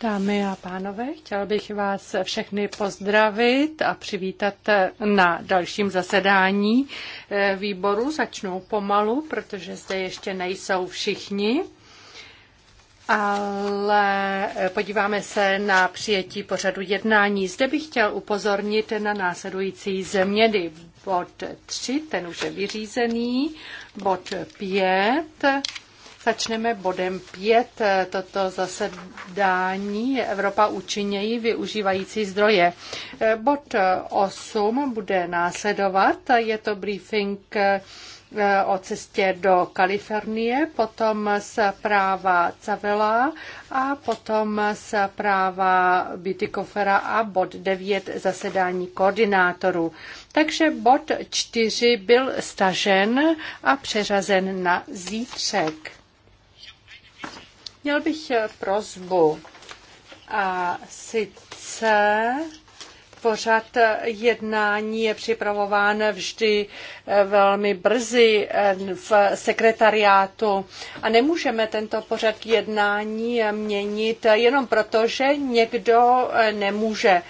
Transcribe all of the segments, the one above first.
Dámy a pánové, chtěl bych vás všechny pozdravit a přivítat na dalším zasedání eh, výboru. Začnou pomalu, protože zde ještě nejsou všichni. Ale eh, podíváme se na přijetí pořadu jednání. Zde bych chtěl upozornit na následující změny. Bod 3, ten už je vyřízený. Bod 5, Začneme bodem 5. Eh, toto zasedání Evropa účinněji využívající zdroje. Eh, bod 8 eh, bude následovat. Je to briefing o cestě do Kalifornie, potom z práva Cavela a potom z práva Bitykofera a bod 9 zasedání koordinátorů. Takže bod 4 byl stažen a přeřazen na zítřek. Měl bych eh, prozbu a sice pořad eh, jednání je připravován vždy eh, velmi brzy v sekretariátu a nemůžeme tento pořad jednání měnit jenom proto, že někdo nemůže.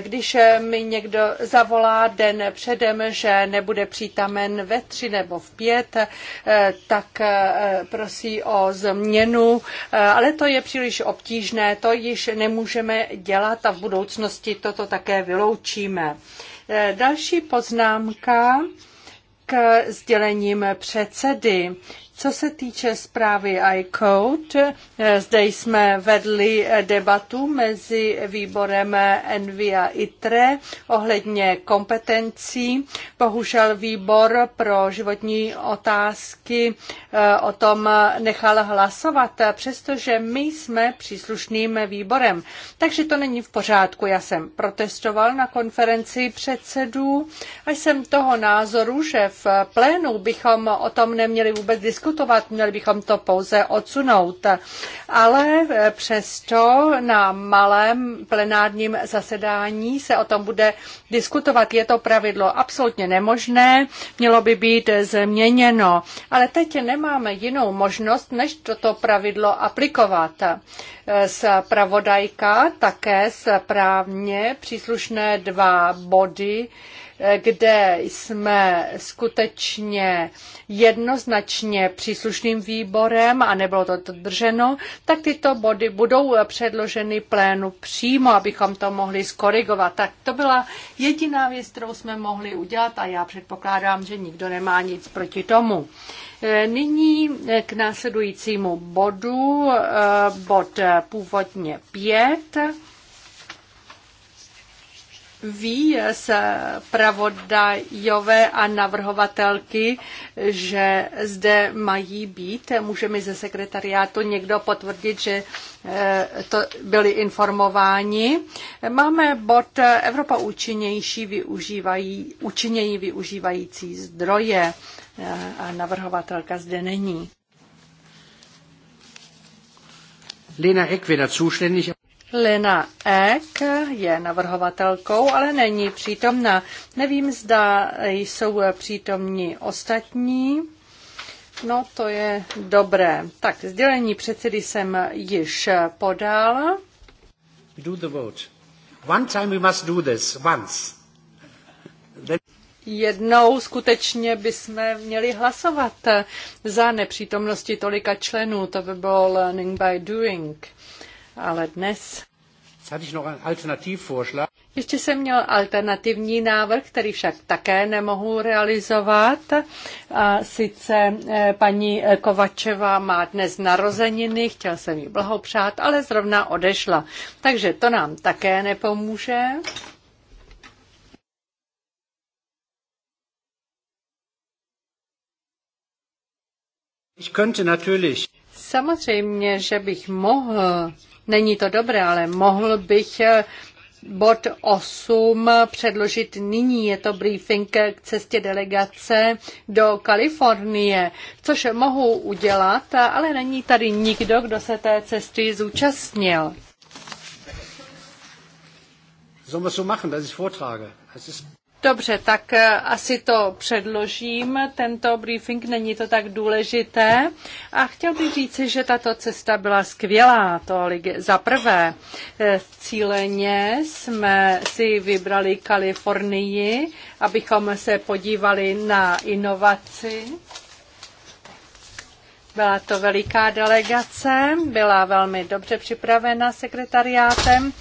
Když mi někdo zavolá den předem, že nebude přítamen ve tři nebo v pět, eh, tak eh, prosí o změnu, eh, ale to je příliš obtížné, to již nemůžeme dělat a v budoucnosti toto také vyloučíme. Další poznámka k sdělením předsedy. Co se týče zprávy iCode, eh, zde jsme vedli eh, debatu mezi výborem eh, Envy a ITRE ohledně kompetencí. Bohužel výbor pro životní otázky o tom nechal hlasovat, přestože my jsme příslušným výborem. Takže to není v pořádku. Já jsem protestoval na konferenci předsedů a jsem toho názoru, že v plénu bychom o tom neměli vůbec diskutovat diskutovat, měli bychom to pouze odsunout. Ale přesto na malém plenárním zasedání se o tom bude diskutovat. Je to pravidlo absolutně nemožné, mělo by být změněno. Ale teď nemáme jinou možnost, než toto pravidlo aplikovat. Spravodajka také správně příslušné dva body kde jsme skutečně jednoznačně příslušným výborem a nebylo to dodrženo, tak tyto body budou předloženy plénu přímo, abychom to mohli skorigovat. Tak to byla jediná věc, kterou jsme mohli udělat a já předpokládám, že nikdo nemá nic proti tomu. E, nyní k následujícímu bodu, e, bod původně 5 ví z pravodajové a navrhovatelky, že zde mají být. Může mi ze sekretariátu někdo potvrdit, že eh, to byli informováni. Máme bod eh, Evropa účinnější využívají, účinněji využívající zdroje eh, a navrhovatelka zde není. Lena Eck wäre zuständig. Lena Ek je navrhovatelkou, ale není přítomna. Nevím, zda jsou přítomní ostatní. No, to je dobré. Tak, sdělení předsedy jsem již podala. Do the vote. One time we must do this, once. Jednou skutečně bychom měli hlasovat za nepřítomnosti tolika členů. To by bylo learning by doing ale dnes. Ještě jsem měl alternativní návrh, který však také nemohu realizovat. A sice eh, paní Kovačeva má dnes narozeniny, chtěl jsem jí blahopřát, ale zrovna odešla. Takže to nám také nepomůže. Ich könnte natürlich. Samozřejmě, že bych mohl Není to dobré, ale mohl bych eh, bod 8 předložit nyní. Je to briefing k cestě delegace do Kalifornie, což mohu udělat, ale není tady nikdo, kdo se té cesty zúčastnil. Sollen wir so machen, dass ich vortrage? Dobře, tak eh, asi to předložím, tento briefing, není to tak důležité. A chtěl bych říci, že tato cesta byla skvělá, tolik za prvé. Eh, cíleně jsme si vybrali Kalifornii, abychom se podívali na inovaci. Byla to veliká delegace, byla velmi dobře připravena sekretariátem.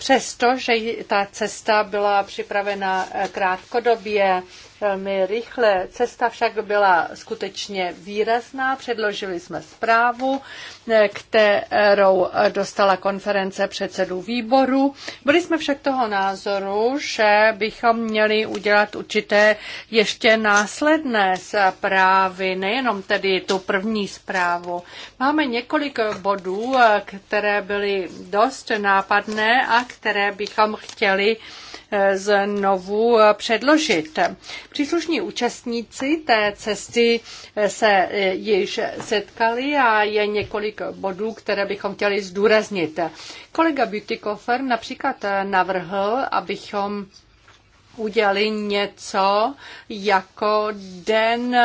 Přesto, že ta cesta byla připravena krátkodobě, velmi rychle. Cesta však byla skutečně výrazná. Předložili jsme zprávu, kterou dostala konference předsedů výboru. Byli jsme však toho názoru, že bychom měli udělat určité ještě následné zprávy, nejenom tedy tu první zprávu. Máme několik bodů, které byly dost nápadné a které bychom chtěli znovu předložit. Příslušní účastníci té cesty se již setkali a je několik bodů, které bychom chtěli zdůraznit. Kolega Butikofer například navrhl, abychom udělali něco jako den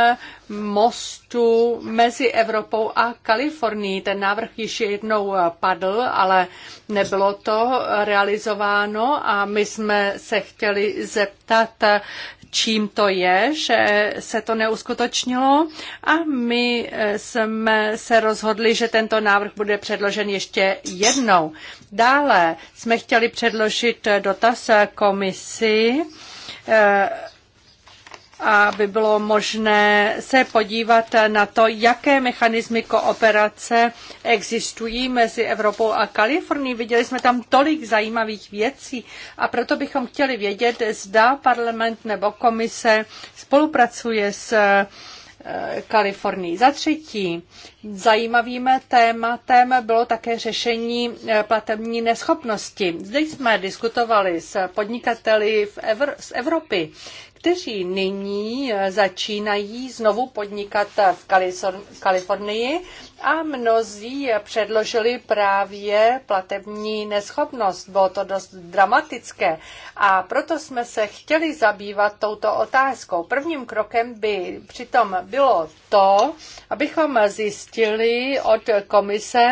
mostu mezi Evropou a Kalifornií. Ten návrh již jednou padl, ale nebylo to realizováno a my jsme se chtěli zeptat, čím to je, že se to neuskutočnilo a my eh, jsme se rozhodli, že tento návrh bude předložen ještě jednou. Dále jsme chtěli předložit dotaz komisi eh, aby bylo možné se podívat na to, jaké mechanismy kooperace existují mezi Evropou a Kalifornií. Viděli jsme tam tolik zajímavých věcí a proto bychom chtěli vědět, zda parlament nebo komise spolupracuje s eh, Kalifornii. Za třetí, zajímavým tématem bylo také řešení eh, platební neschopnosti. Zde jsme diskutovali s podnikateli v Evr- z Evropy kteří nyní eh, začínají znovu podnikat v Kalifornii a mnozí eh, předložili právě platební neschopnost. Bylo to dost dramatické a proto jsme se chtěli zabývat touto otázkou. Prvním krokem by přitom bylo to, abychom zjistili od komise,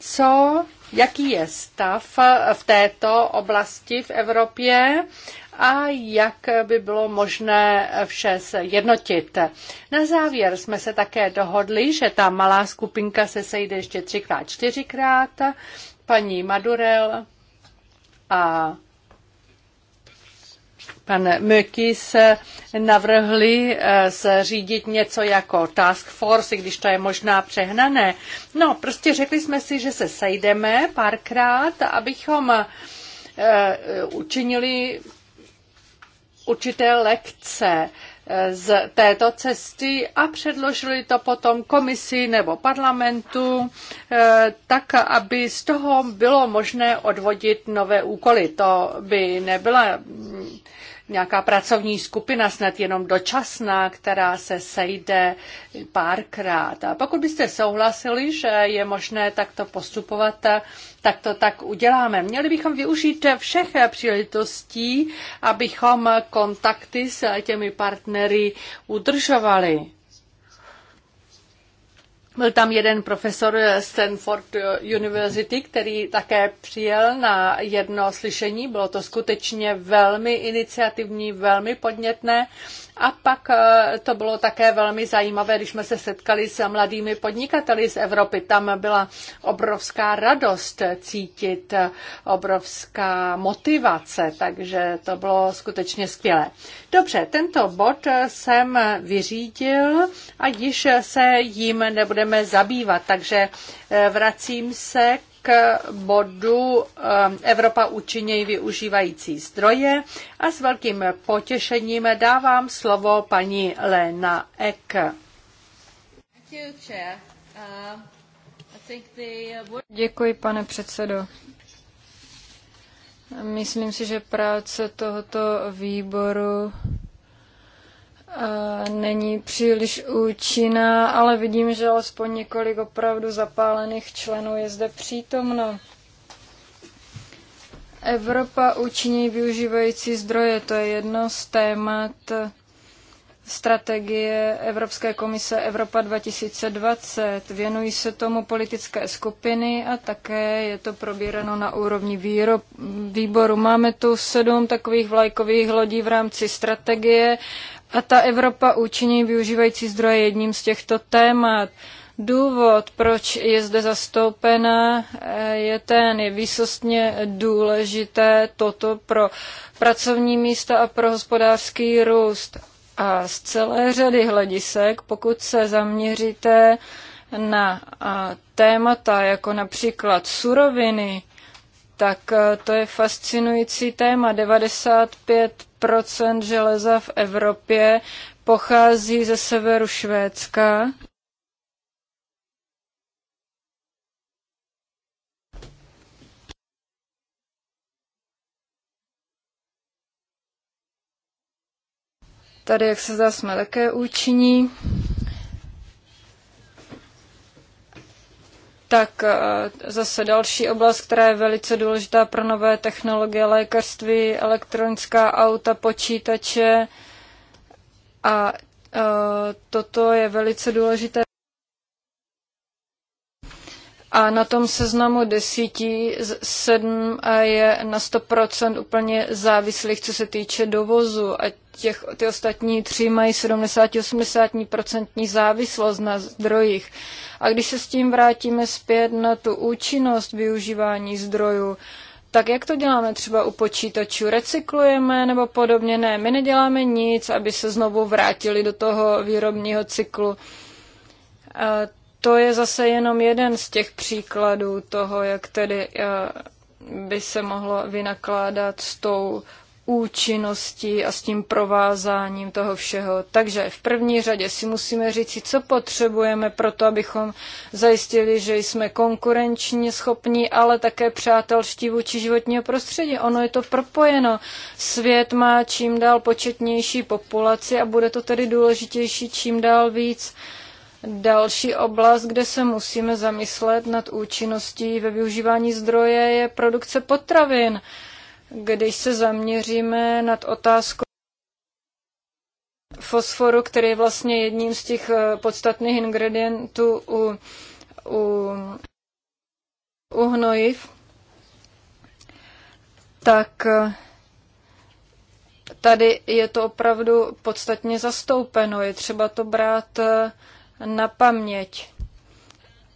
co jaký je stav v této oblasti v Evropě a jak by bylo možné vše sjednotit. Na závěr jsme se také dohodli, že ta malá skupinka se sejde ještě třikrát, čtyřikrát. Paní Madurel a pan Mökis navrhli eh, zřídit něco jako task force, i když to je možná přehnané. No, prostě řekli jsme si, že se sejdeme párkrát, abychom eh, učinili určité lekce eh, z této cesty a předložili to potom komisi nebo parlamentu, eh, tak aby z toho bylo možné odvodit nové úkoly. To by nebyla nějaká pracovní skupina, snad jenom dočasná, která se sejde párkrát. A pokud byste souhlasili, že je možné takto postupovat, tak to tak uděláme. Měli bychom využít všech příležitostí, abychom kontakty s těmi partnery udržovali. Byl tam jeden profesor Stanford University, který také přijel na jedno slyšení. Bylo to skutečně velmi iniciativní, velmi podnětné a pak eh, to bylo také velmi zajímavé, když jsme se setkali s mladými podnikateli z Evropy. Tam byla obrovská radost cítit, obrovská motivace, takže to bylo skutečně skvělé. Dobře, tento bod jsem vyřídil a již se jim nebudeme zabývat, takže eh, vracím se k bodu eh, Evropa účinněji využívající zdroje a s velkým potěšením dávám slovo paní Lena Ek. Uh, uh, Děkuji, pane předsedo. Myslím si, že práce tohoto výboru Eh, není příliš účinná, ale vidím, že alespoň několik opravdu zapálených členů je zde přítomno. Evropa účinněji využívající zdroje, to je jedno z témat strategie Evropské komise Evropa 2020. Věnují se tomu politické skupiny a také je to probíráno na úrovni výrob, výboru. Máme tu sedm takových vlajkových lodí v rámci strategie. Uh, a ta Evropa účinně využívající zdroje jedním z těchto témat. Důvod, proč je zde zastoupena, eh, je ten, je výsostně důležité toto pro pracovní místa a pro hospodářský růst. A z celé řady hledisek, pokud se zaměříte na eh, témata jako například suroviny, tak eh, to je fascinující téma. Procent železa v Evropě pochází ze severu Švédska. Tady, jak se zdá, jsme také účinní. Tak eh, zase další oblast, která je velice důležitá pro nové technologie, lékařství, elektronická auta, počítače. A eh, toto je velice důležité a na tom seznamu desíti sedm je na 100% úplně závislých, co se týče dovozu. A těch, ty ostatní tři mají 70-80% závislost na zdrojích. A když se s tím vrátíme zpět na tu účinnost využívání zdrojů, tak jak to děláme třeba u počítačů? Recyklujeme nebo podobně? Ne, my neděláme nic, aby se znovu vrátili do toho výrobního cyklu to je zase jenom jeden z těch příkladů toho, jak tedy eh, by se mohlo vynakládat s tou účinností a s tím provázáním toho všeho. Takže v první řadě si musíme říct, co potřebujeme pro to, abychom zajistili, že jsme konkurenčně schopní, ale také přátelští vůči životního prostředí. Ono je to propojeno. Svět má čím dál početnější populaci a bude to tedy důležitější čím dál víc. Uh, Další oblast, kde se musíme zamyslet nad účinností ve využívání zdroje, je produkce potravin. Když se zaměříme nad otázkou fosforu, který je vlastně jedním z těch eh, podstatných ingredientů u, u, u hnojiv, tak eh, tady je to opravdu podstatně zastoupeno. Je třeba to brát eh, na paměť.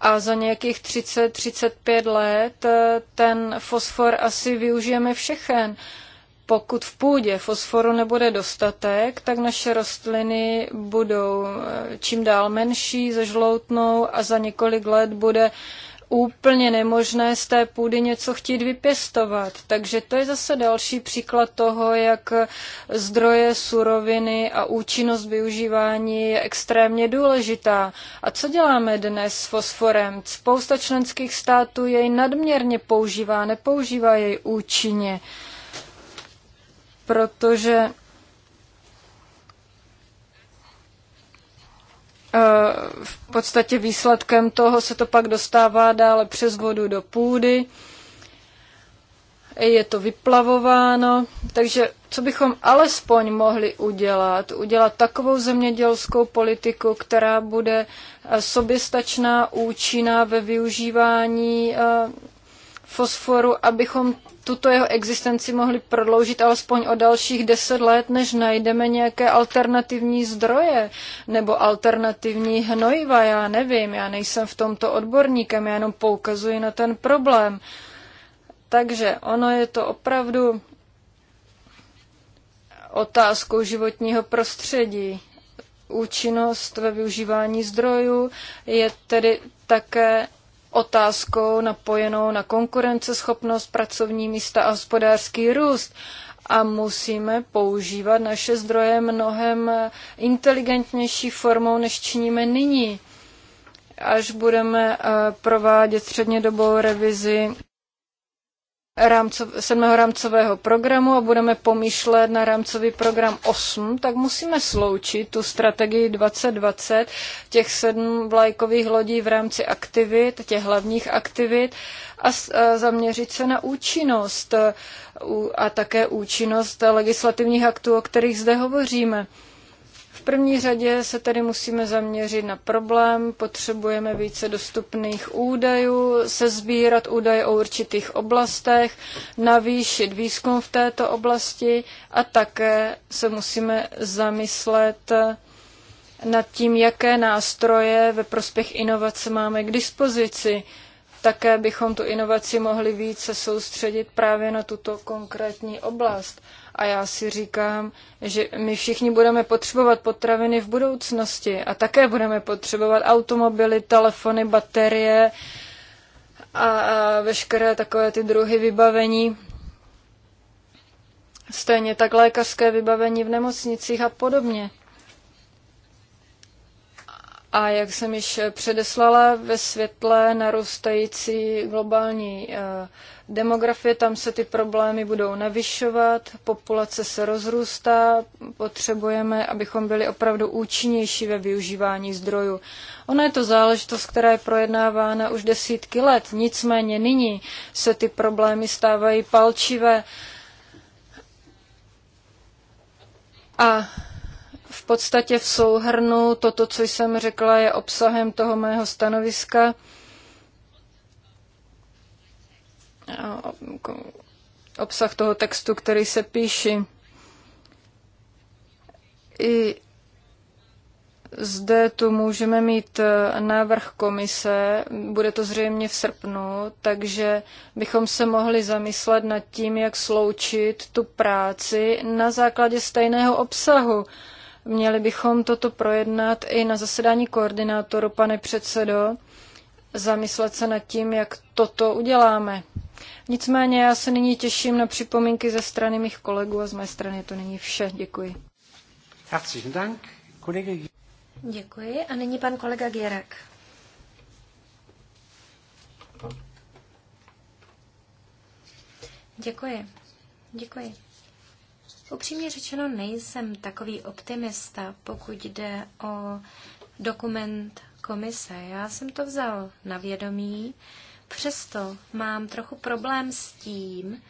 A za nějakých 30-35 let eh, ten fosfor asi využijeme všechen. Pokud v půdě fosforu nebude dostatek, tak naše rostliny budou eh, čím dál menší, zažloutnou a za několik let bude uh, úplně nemožné z té půdy něco chtít vypěstovat. Takže to je zase další příklad toho, jak zdroje, suroviny a účinnost využívání je extrémně důležitá. A co děláme dnes s fosforem? Spousta členských států jej nadměrně používá, nepoužívá jej účinně, protože Eh, v podstatě výsledkem toho se to pak dostává dále přes vodu do půdy, je to vyplavováno, takže co bychom alespoň mohli udělat? Udělat takovou zemědělskou politiku, která bude eh, soběstačná, účinná ve využívání eh, fosforu, abychom tuto jeho existenci mohli prodloužit alespoň o dalších deset let, než najdeme nějaké alternativní zdroje nebo alternativní hnojiva. Já nevím, já nejsem v tomto odborníkem, já jenom poukazuji na ten problém. Takže ono je to opravdu otázkou životního prostředí. Účinnost ve využívání zdrojů je tedy také otázkou napojenou na konkurenceschopnost, pracovní místa a hospodářský růst a musíme používat naše zdroje mnohem inteligentnější formou, než činíme nyní. Až budeme eh, provádět střednědobou revizi rámcov, sedmého rámcového programu a budeme pomýšlet na rámcový program 8, tak musíme sloučit tu strategii 2020, těch sedm vlajkových lodí v rámci aktivit, těch hlavních aktivit a zaměřit se na účinnost e, a také účinnost legislativních aktů, o kterých zde hovoříme první řadě se tedy musíme zaměřit na problém, potřebujeme více dostupných údajů, sezbírat údaje o určitých oblastech, navýšit výzkum v této oblasti a také se musíme zamyslet nad tím, jaké nástroje ve prospěch inovace máme k dispozici. Také bychom tu inovaci mohli více soustředit právě na tuto konkrétní oblast. A já si říkám, že my všichni budeme potřebovat potraviny v budoucnosti a také budeme potřebovat automobily, telefony, baterie a, a veškeré takové ty druhy vybavení. Stejně tak lékařské vybavení v nemocnicích a podobně. A jak jsem již předeslala, ve světle narůstající globální eh, demografie, tam se ty problémy budou navyšovat, populace se rozrůstá, potřebujeme, abychom byli opravdu účinnější ve využívání zdrojů. Ona je to záležitost, která je projednávána už desítky let, nicméně nyní se ty problémy stávají palčivé a v podstatě v souhrnu toto, co jsem řekla, je obsahem toho mého stanoviska. obsah toho textu, který se píši. I zde tu můžeme mít e, návrh komise, bude to zřejmě v srpnu, takže bychom se mohli zamyslet nad tím, jak sloučit tu práci na základě stejného obsahu. Měli bychom toto projednat i na zasedání koordinátoru, pane předsedo, zamyslet se nad tím, jak toto uděláme. Nicméně já se nyní těším na připomínky ze strany mých kolegů a z mé strany to není vše. Děkuji. Herzlichen Dank, kolege. Děkuji a nyní pan kolega Gierak. Děkuji. Děkuji. Upřímně řečeno nejsem takový optimista, pokud jde o dokument komise. Já jsem to vzal na vědomí, přesto mám trochu problém s tím,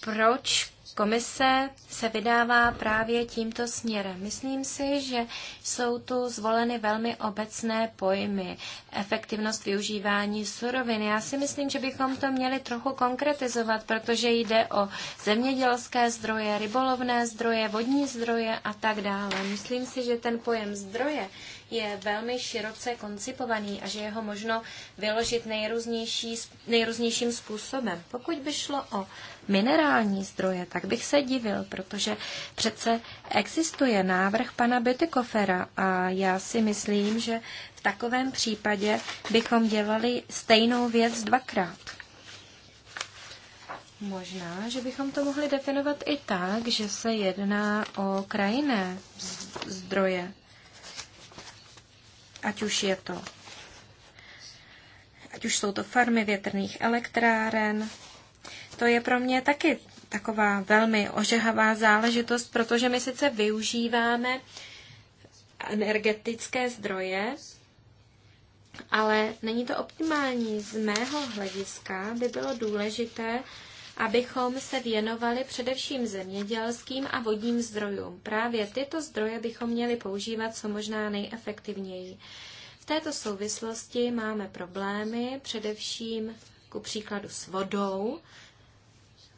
proč komise se vydává právě tímto směrem. Myslím si, že jsou tu zvoleny velmi obecné pojmy. Efektivnost využívání surovin. Já si myslím, že bychom to měli trochu konkretizovat, protože jde o zemědělské zdroje, rybolovné zdroje, vodní zdroje a tak dále. Myslím si, že ten pojem zdroje je velmi široce koncipovaný a že je ho možno vyložit nejrůznější, nejrůznějším způsobem. Pokud by šlo o minerální zdroje, tak bych se divil, protože přece existuje návrh pana Bytykofera a já si myslím, že v takovém případě bychom dělali stejnou věc dvakrát. Možná, že bychom to mohli definovat i tak, že se jedná o krajinné zdroje ať už je to ať už jsou to farmy větrných elektráren. To je pro mě taky taková velmi ožehavá záležitost, protože my sice využíváme energetické zdroje, ale není to optimální. Z mého hlediska by bylo důležité abychom se věnovali především zemědělským a vodním zdrojům. Právě tyto zdroje bychom měli používat co možná nejefektivněji. V této souvislosti máme problémy především ku příkladu s vodou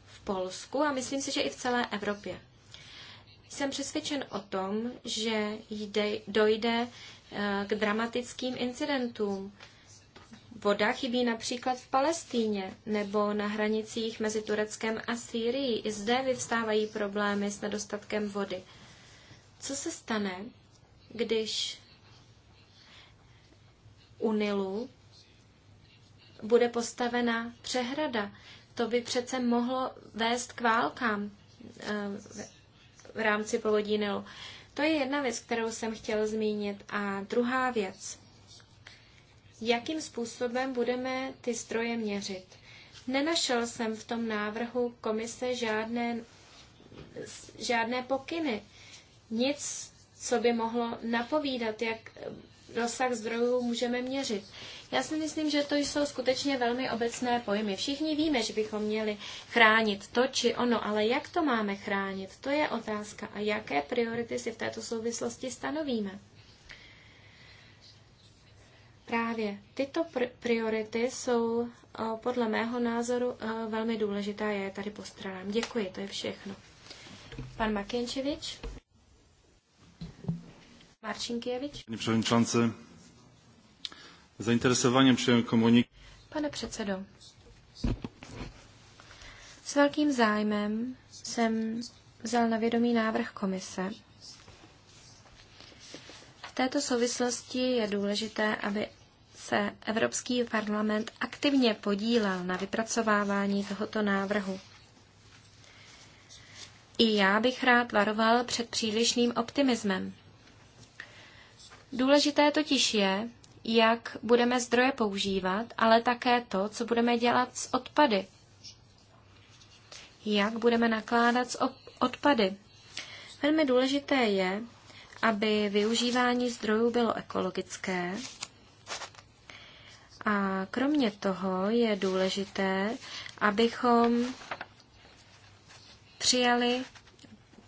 v Polsku a myslím si, že i v celé Evropě. Jsem přesvědčen o tom, že jde, dojde eh, k dramatickým incidentům. Voda chybí například v Palestíně nebo na hranicích mezi Tureckem a Sýrií. I zde vyvstávají problémy s nedostatkem vody. Co se stane, když u Nilu bude postavena přehrada? To by přece mohlo vést k válkám eh, v rámci povodí Nilu. To je jedna věc, kterou jsem chtěl zmínit. A druhá věc jakým způsobem budeme ty stroje měřit. Nenašel jsem v tom návrhu komise žádné, žádné pokyny, nic, co by mohlo napovídat, jak rozsah zdrojů můžeme měřit. Já si myslím, že to jsou skutečně velmi obecné pojmy. Všichni víme, že bychom měli chránit to či ono, ale jak to máme chránit, to je otázka a jaké priority si v této souvislosti stanovíme. Právě tyto pr- priority jsou eh, podle mého názoru eh, velmi důležité a je tady postrádám. Děkuji, to je všechno. Pan Makienčevič. Marčinkěvič. Panie przewodniczący, zainteresowaniem przyjąłem komunik. Pane předsedo, s velkým zájmem jsem vzal na vědomí návrh komise. V této souvislosti je důležité, aby se Evropský parlament aktivně podílel na vypracovávání tohoto návrhu. I já bych rád varoval před přílišným optimismem. Důležité totiž je, jak budeme zdroje používat, ale také to, co budeme dělat s odpady. Jak budeme nakládat s odpady. Velmi důležité je, aby využívání zdrojů bylo ekologické a kromě toho je důležité, abychom přijali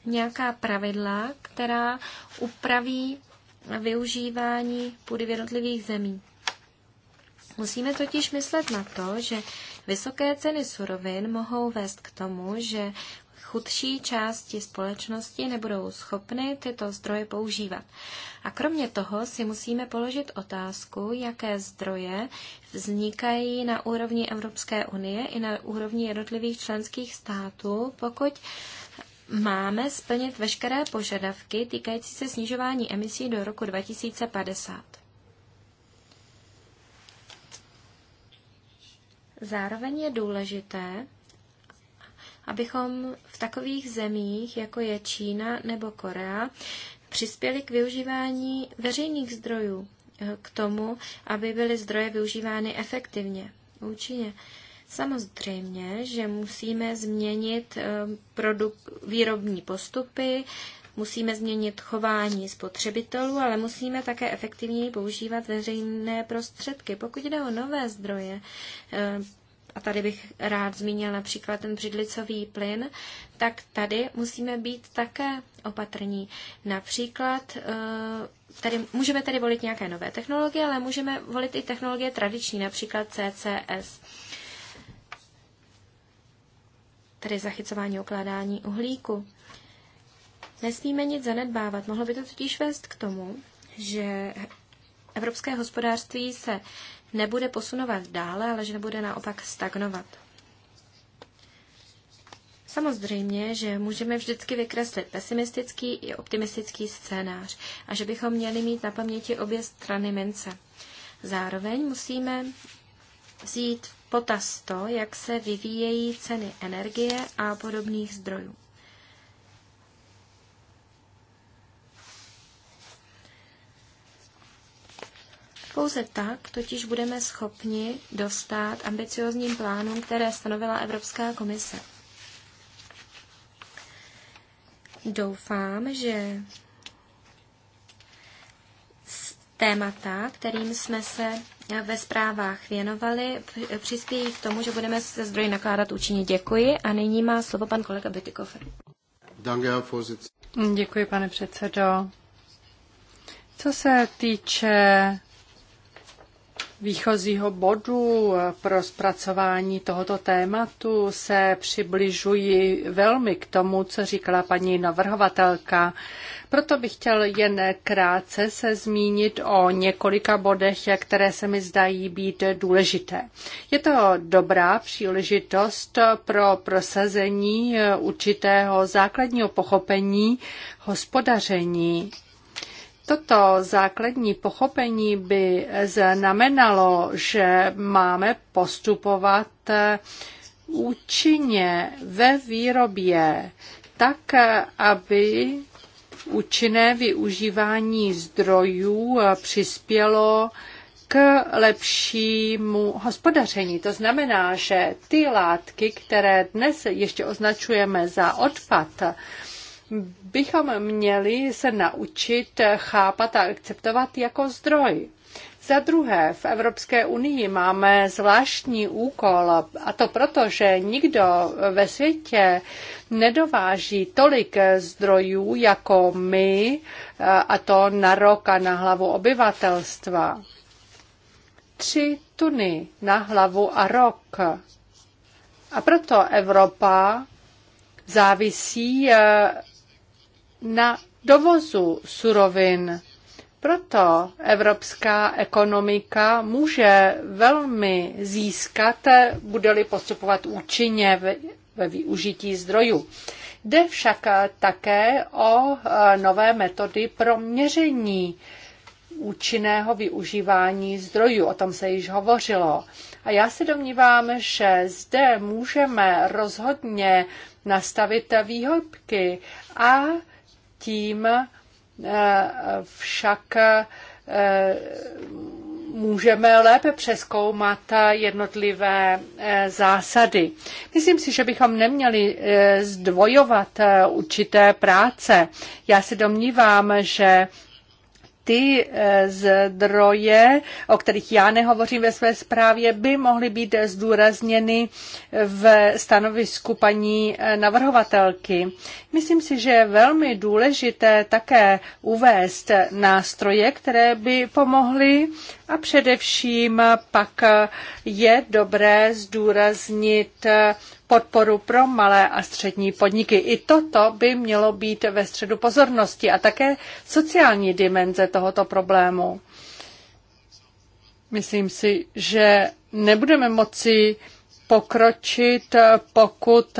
nějaká pravidla, která upraví využívání půdy v jednotlivých zemí. Musíme totiž myslet na to, že vysoké ceny surovin mohou vést k tomu, že chudší části společnosti nebudou schopny tyto zdroje používat. A kromě toho si musíme položit otázku, jaké zdroje vznikají na úrovni Evropské unie i na úrovni jednotlivých členských států, pokud máme splnit veškeré požadavky týkající se snižování emisí do roku 2050. Zároveň je důležité, abychom v takových zemích, jako je Čína nebo Korea, přispěli k využívání veřejných zdrojů, eh, k tomu, aby byly zdroje využívány efektivně, účinně. Samozřejmě, že musíme změnit eh, produk- výrobní postupy, musíme změnit chování spotřebitelů, ale musíme také efektivněji používat veřejné prostředky. Pokud jde o nové zdroje, eh, a tady bych rád zmínil například ten břidlicový plyn, tak tady musíme být také opatrní. Například eh, tady, můžeme tady volit nějaké nové technologie, ale můžeme volit i technologie tradiční, například CCS, tedy zachycování ukládání uhlíku. Nesmíme nic zanedbávat. Mohlo by to totiž vést k tomu, že evropské hospodářství se nebude posunovat dále, ale že nebude naopak stagnovat. Samozřejmě, že můžeme vždycky vykreslit pesimistický i optimistický scénář a že bychom měli mít na paměti obě strany mince. Zároveň musíme vzít potaz to, jak se vyvíjejí ceny energie a podobných zdrojů. Pouze tak totiž budeme schopni dostat ambiciozním plánům, které stanovila Evropská komise. Doufám, že témata, kterým jsme se ve zprávách věnovali, přispějí k tomu, že budeme se zdroji nakládat účinně. Děkuji. A nyní má slovo pan kolega Bytykofer. Děkuji, pane předsedo. Co se týče výchozího bodu pro zpracování tohoto tématu se přibližuji velmi k tomu, co říkala paní navrhovatelka. Proto bych chtěl jen krátce se zmínit o několika bodech, které se mi zdají být důležité. Je to dobrá příležitost pro prosazení určitého základního pochopení hospodaření Toto základní pochopení by znamenalo, že máme postupovat účinně ve výrobě tak, aby účinné využívání zdrojů přispělo k lepšímu hospodaření. To znamená, že ty látky, které dnes ještě označujeme za odpad, bychom měli se naučit chápat a akceptovat jako zdroj. Za druhé, v Evropské unii máme zvláštní úkol, a to proto, že nikdo ve světě nedováží tolik zdrojů jako my, a to na rok a na hlavu obyvatelstva. Tři tuny na hlavu a rok. A proto Evropa závisí eh, na dovozu surovin. Proto evropská ekonomika může velmi získat, bude-li postupovat účinně ve využití zdrojů. Jde však také o e, nové metody pro měření účinného využívání zdrojů. O tom se již hovořilo. A já se domnívám, že zde můžeme rozhodně nastavit výhodky a tím eh, však eh, můžeme lépe přeskoumat jednotlivé eh, zásady. Myslím si, že bychom neměli zdvojovat určité práce. Já se domnívám, že ty eh, zdroje, o kterých já nehovořím ve své zprávě, by mohly být zdůrazněny v stanovisku paní eh, navrhovatelky. Myslím si, že je velmi důležité také uvést nástroje, které by pomohly a především pak je dobré zdůraznit eh, podporu pro malé a střední podniky. I toto by mělo být ve středu pozornosti a také sociální dimenze tohoto problému. Myslím si, že nebudeme moci pokročit, pokud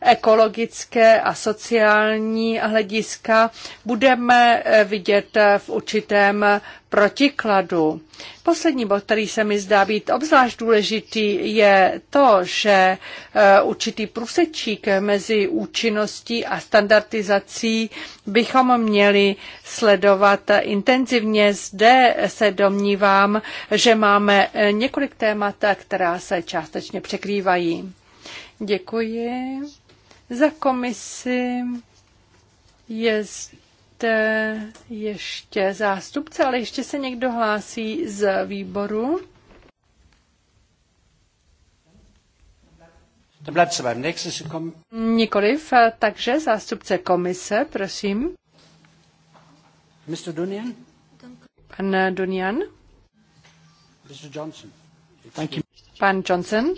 ekologické a sociální hlediska budeme vidět v určitém protikladu. Poslední bod, který se mi zdá být obzvlášť důležitý, je to, že eh, určitý průsečík mezi účinností a standardizací bychom měli sledovat intenzivně. Zde se domnívám, že máme eh, několik témat, která se částečně překrývají vyplývají. Děkuji. Za komisi je zde ještě zástupce, ale ještě se někdo hlásí z výboru. Nikoliv, takže zástupce komise, prosím. Mr. Dunian? Pan Dunian? Mr. Johnson. Thank you, Pan Johnson.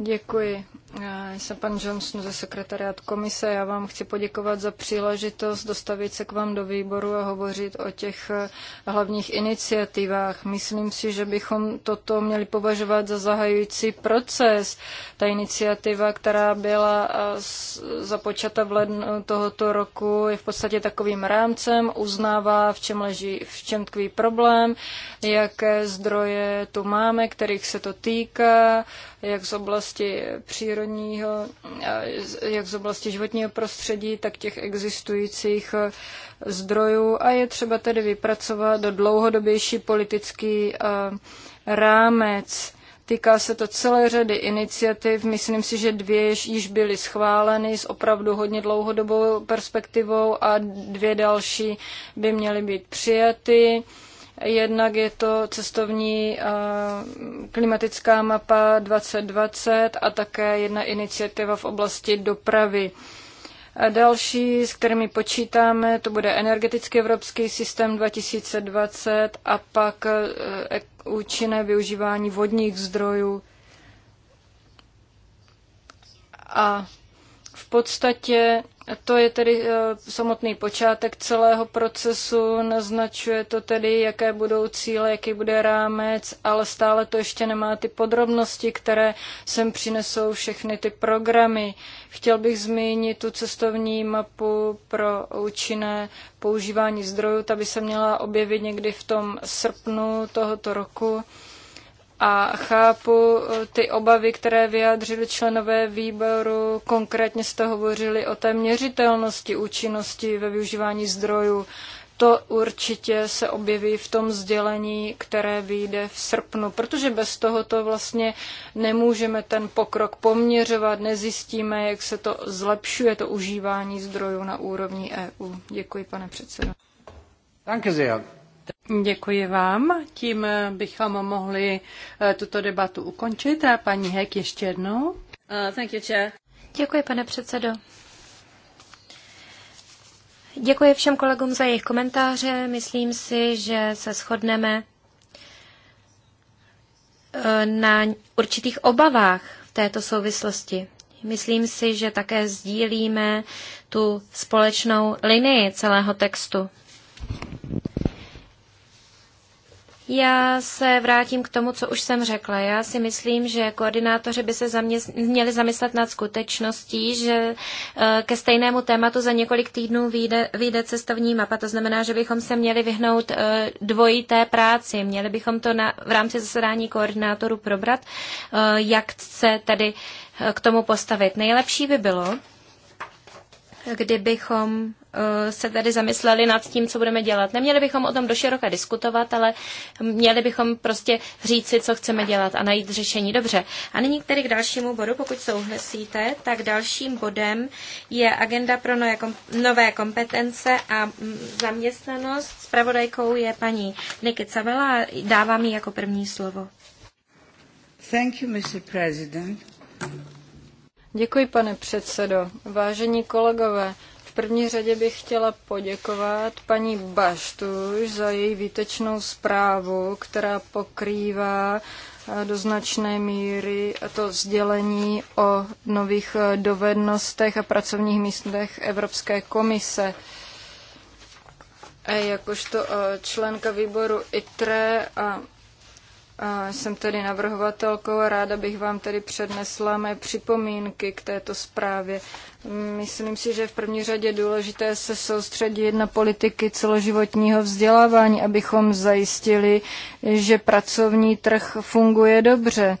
Děkuji. Já jsem pan Johnson ze sekretariát komise. Já vám chci poděkovat za příležitost dostavit se k vám do výboru a hovořit o těch eh, hlavních iniciativách. Myslím si, že bychom toto měli považovat za zahajující proces. Ta iniciativa, která byla eh, započata v lednu tohoto roku, je v podstatě takovým rámcem, uznává, v čem leží, v čem tkví problém, jaké zdroje tu máme, kterých se to týká, jak z oblasti přírody, přírodního, eh, jak z oblasti životního prostředí, tak těch existujících eh, zdrojů a je třeba tedy vypracovat do dlouhodobější politický eh, rámec. Týká se to celé řady iniciativ. Myslím si, že dvě již byly schváleny s opravdu hodně dlouhodobou perspektivou a dvě další by měly být přijaty. Jednak je to cestovní eh, klimatická mapa 2020 a také jedna iniciativa v oblasti dopravy. A další, s kterými počítáme, to bude energetický evropský systém 2020 a pak eh, účinné využívání vodních zdrojů. A podstatě to je tedy eh, samotný počátek celého procesu, naznačuje to tedy, jaké budou cíle, jaký bude rámec, ale stále to ještě nemá ty podrobnosti, které sem přinesou všechny ty programy. Chtěl bych zmínit tu cestovní mapu pro účinné používání zdrojů, ta by se měla objevit někdy v tom srpnu tohoto roku a chápu eh, ty obavy, které vyjádřili členové výboru. Konkrétně jste hovořili o té měřitelnosti účinnosti ve využívání zdrojů. To určitě se objeví v tom sdělení, které vyjde v srpnu, protože bez tohoto vlastně nemůžeme ten pokrok poměřovat, nezjistíme, jak se to zlepšuje, to užívání zdrojů na úrovni EU. Děkuji, pane předsedo. Danke sehr. Děkuji vám. Tím bychom mohli eh, tuto debatu ukončit. A paní Hek ještě jednou. Uh, thank you, chair. Děkuji, pane předsedo. Děkuji všem kolegům za jejich komentáře. Myslím si, že se shodneme eh, na určitých obavách v této souvislosti. Myslím si, že také sdílíme tu společnou linii celého textu. Já se vrátím k tomu, co už jsem řekla. Já si myslím, že koordinátoři by se zaměst, měli zamyslet nad skutečností, že eh, ke stejnému tématu za několik týdnů vyjde, vyjde cestovní mapa. To znamená, že bychom se měli vyhnout eh, dvojité práci. Měli bychom to na, v rámci zasedání koordinátorů probrat, eh, jak se tedy k tomu postavit. Nejlepší by bylo, kdybychom eh, se tady zamysleli nad tím, co budeme dělat. Neměli bychom o tom doširoka diskutovat, ale měli bychom prostě říct si, co chceme dělat a najít řešení. Dobře. A nyní tedy k dalšímu bodu, pokud souhlasíte, tak dalším bodem je agenda pro nové kompetence a mm, zaměstnanost. Spravodajkou je paní Niky Cavela a dávám jí jako první slovo. Thank you, Mr. President. Děkuji, pane předsedo. Vážení kolegové, v první řadě bych chtěla poděkovat paní Baštuš za její výtečnou zprávu, která pokrývá eh, do značné míry to sdělení o nových eh, dovednostech a pracovních místech Evropské komise. E, jakožto eh, členka výboru ITRE a jsem tedy navrhovatelkou a ráda bych vám tedy přednesla mé připomínky k této zprávě. Myslím si, že v první řadě je důležité se soustředit na politiky celoživotního vzdělávání, abychom zajistili, že pracovní trh funguje dobře.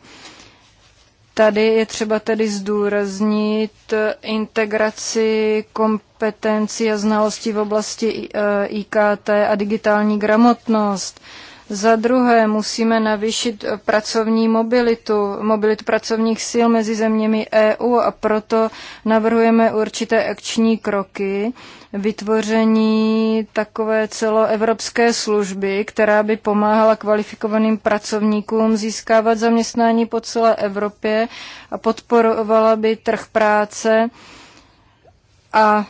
Tady je třeba tedy zdůraznit integraci kompetencí a znalostí v oblasti e, IKT a digitální gramotnost. Za druhé musíme navýšit pracovní mobilitu, mobilitu pracovních sil mezi zeměmi EU a proto navrhujeme určité akční kroky, vytvoření takové celoevropské služby, která by pomáhala kvalifikovaným pracovníkům získávat zaměstnání po celé Evropě a podporovala by trh práce a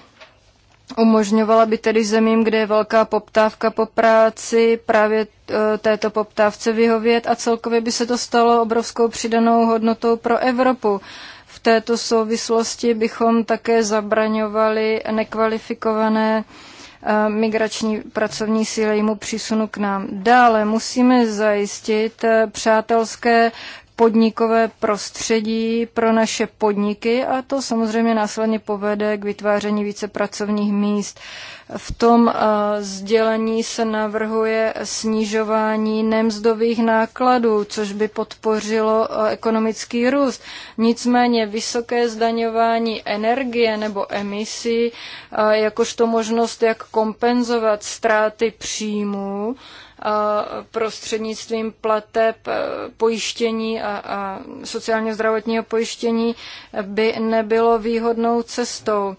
Umožňovala by tedy zemím, kde je velká poptávka po práci, právě e, této poptávce vyhovět a celkově by se to stalo obrovskou přidanou hodnotou pro Evropu. V této souvislosti bychom také zabraňovali nekvalifikované e, migrační pracovní síly jemu přísunu k nám. Dále musíme zajistit e, přátelské podnikové prostředí pro naše podniky a to samozřejmě následně povede k vytváření více pracovních míst. V tom eh, sdělení se navrhuje snižování nemzdových nákladů, což by podpořilo eh, ekonomický růst. Nicméně vysoké zdaňování energie nebo emisí, eh, jakožto možnost, jak kompenzovat ztráty příjmů, prostřednictvím plateb e, pojištění a, a sociálně zdravotního pojištění by nebylo výhodnou cestou. E,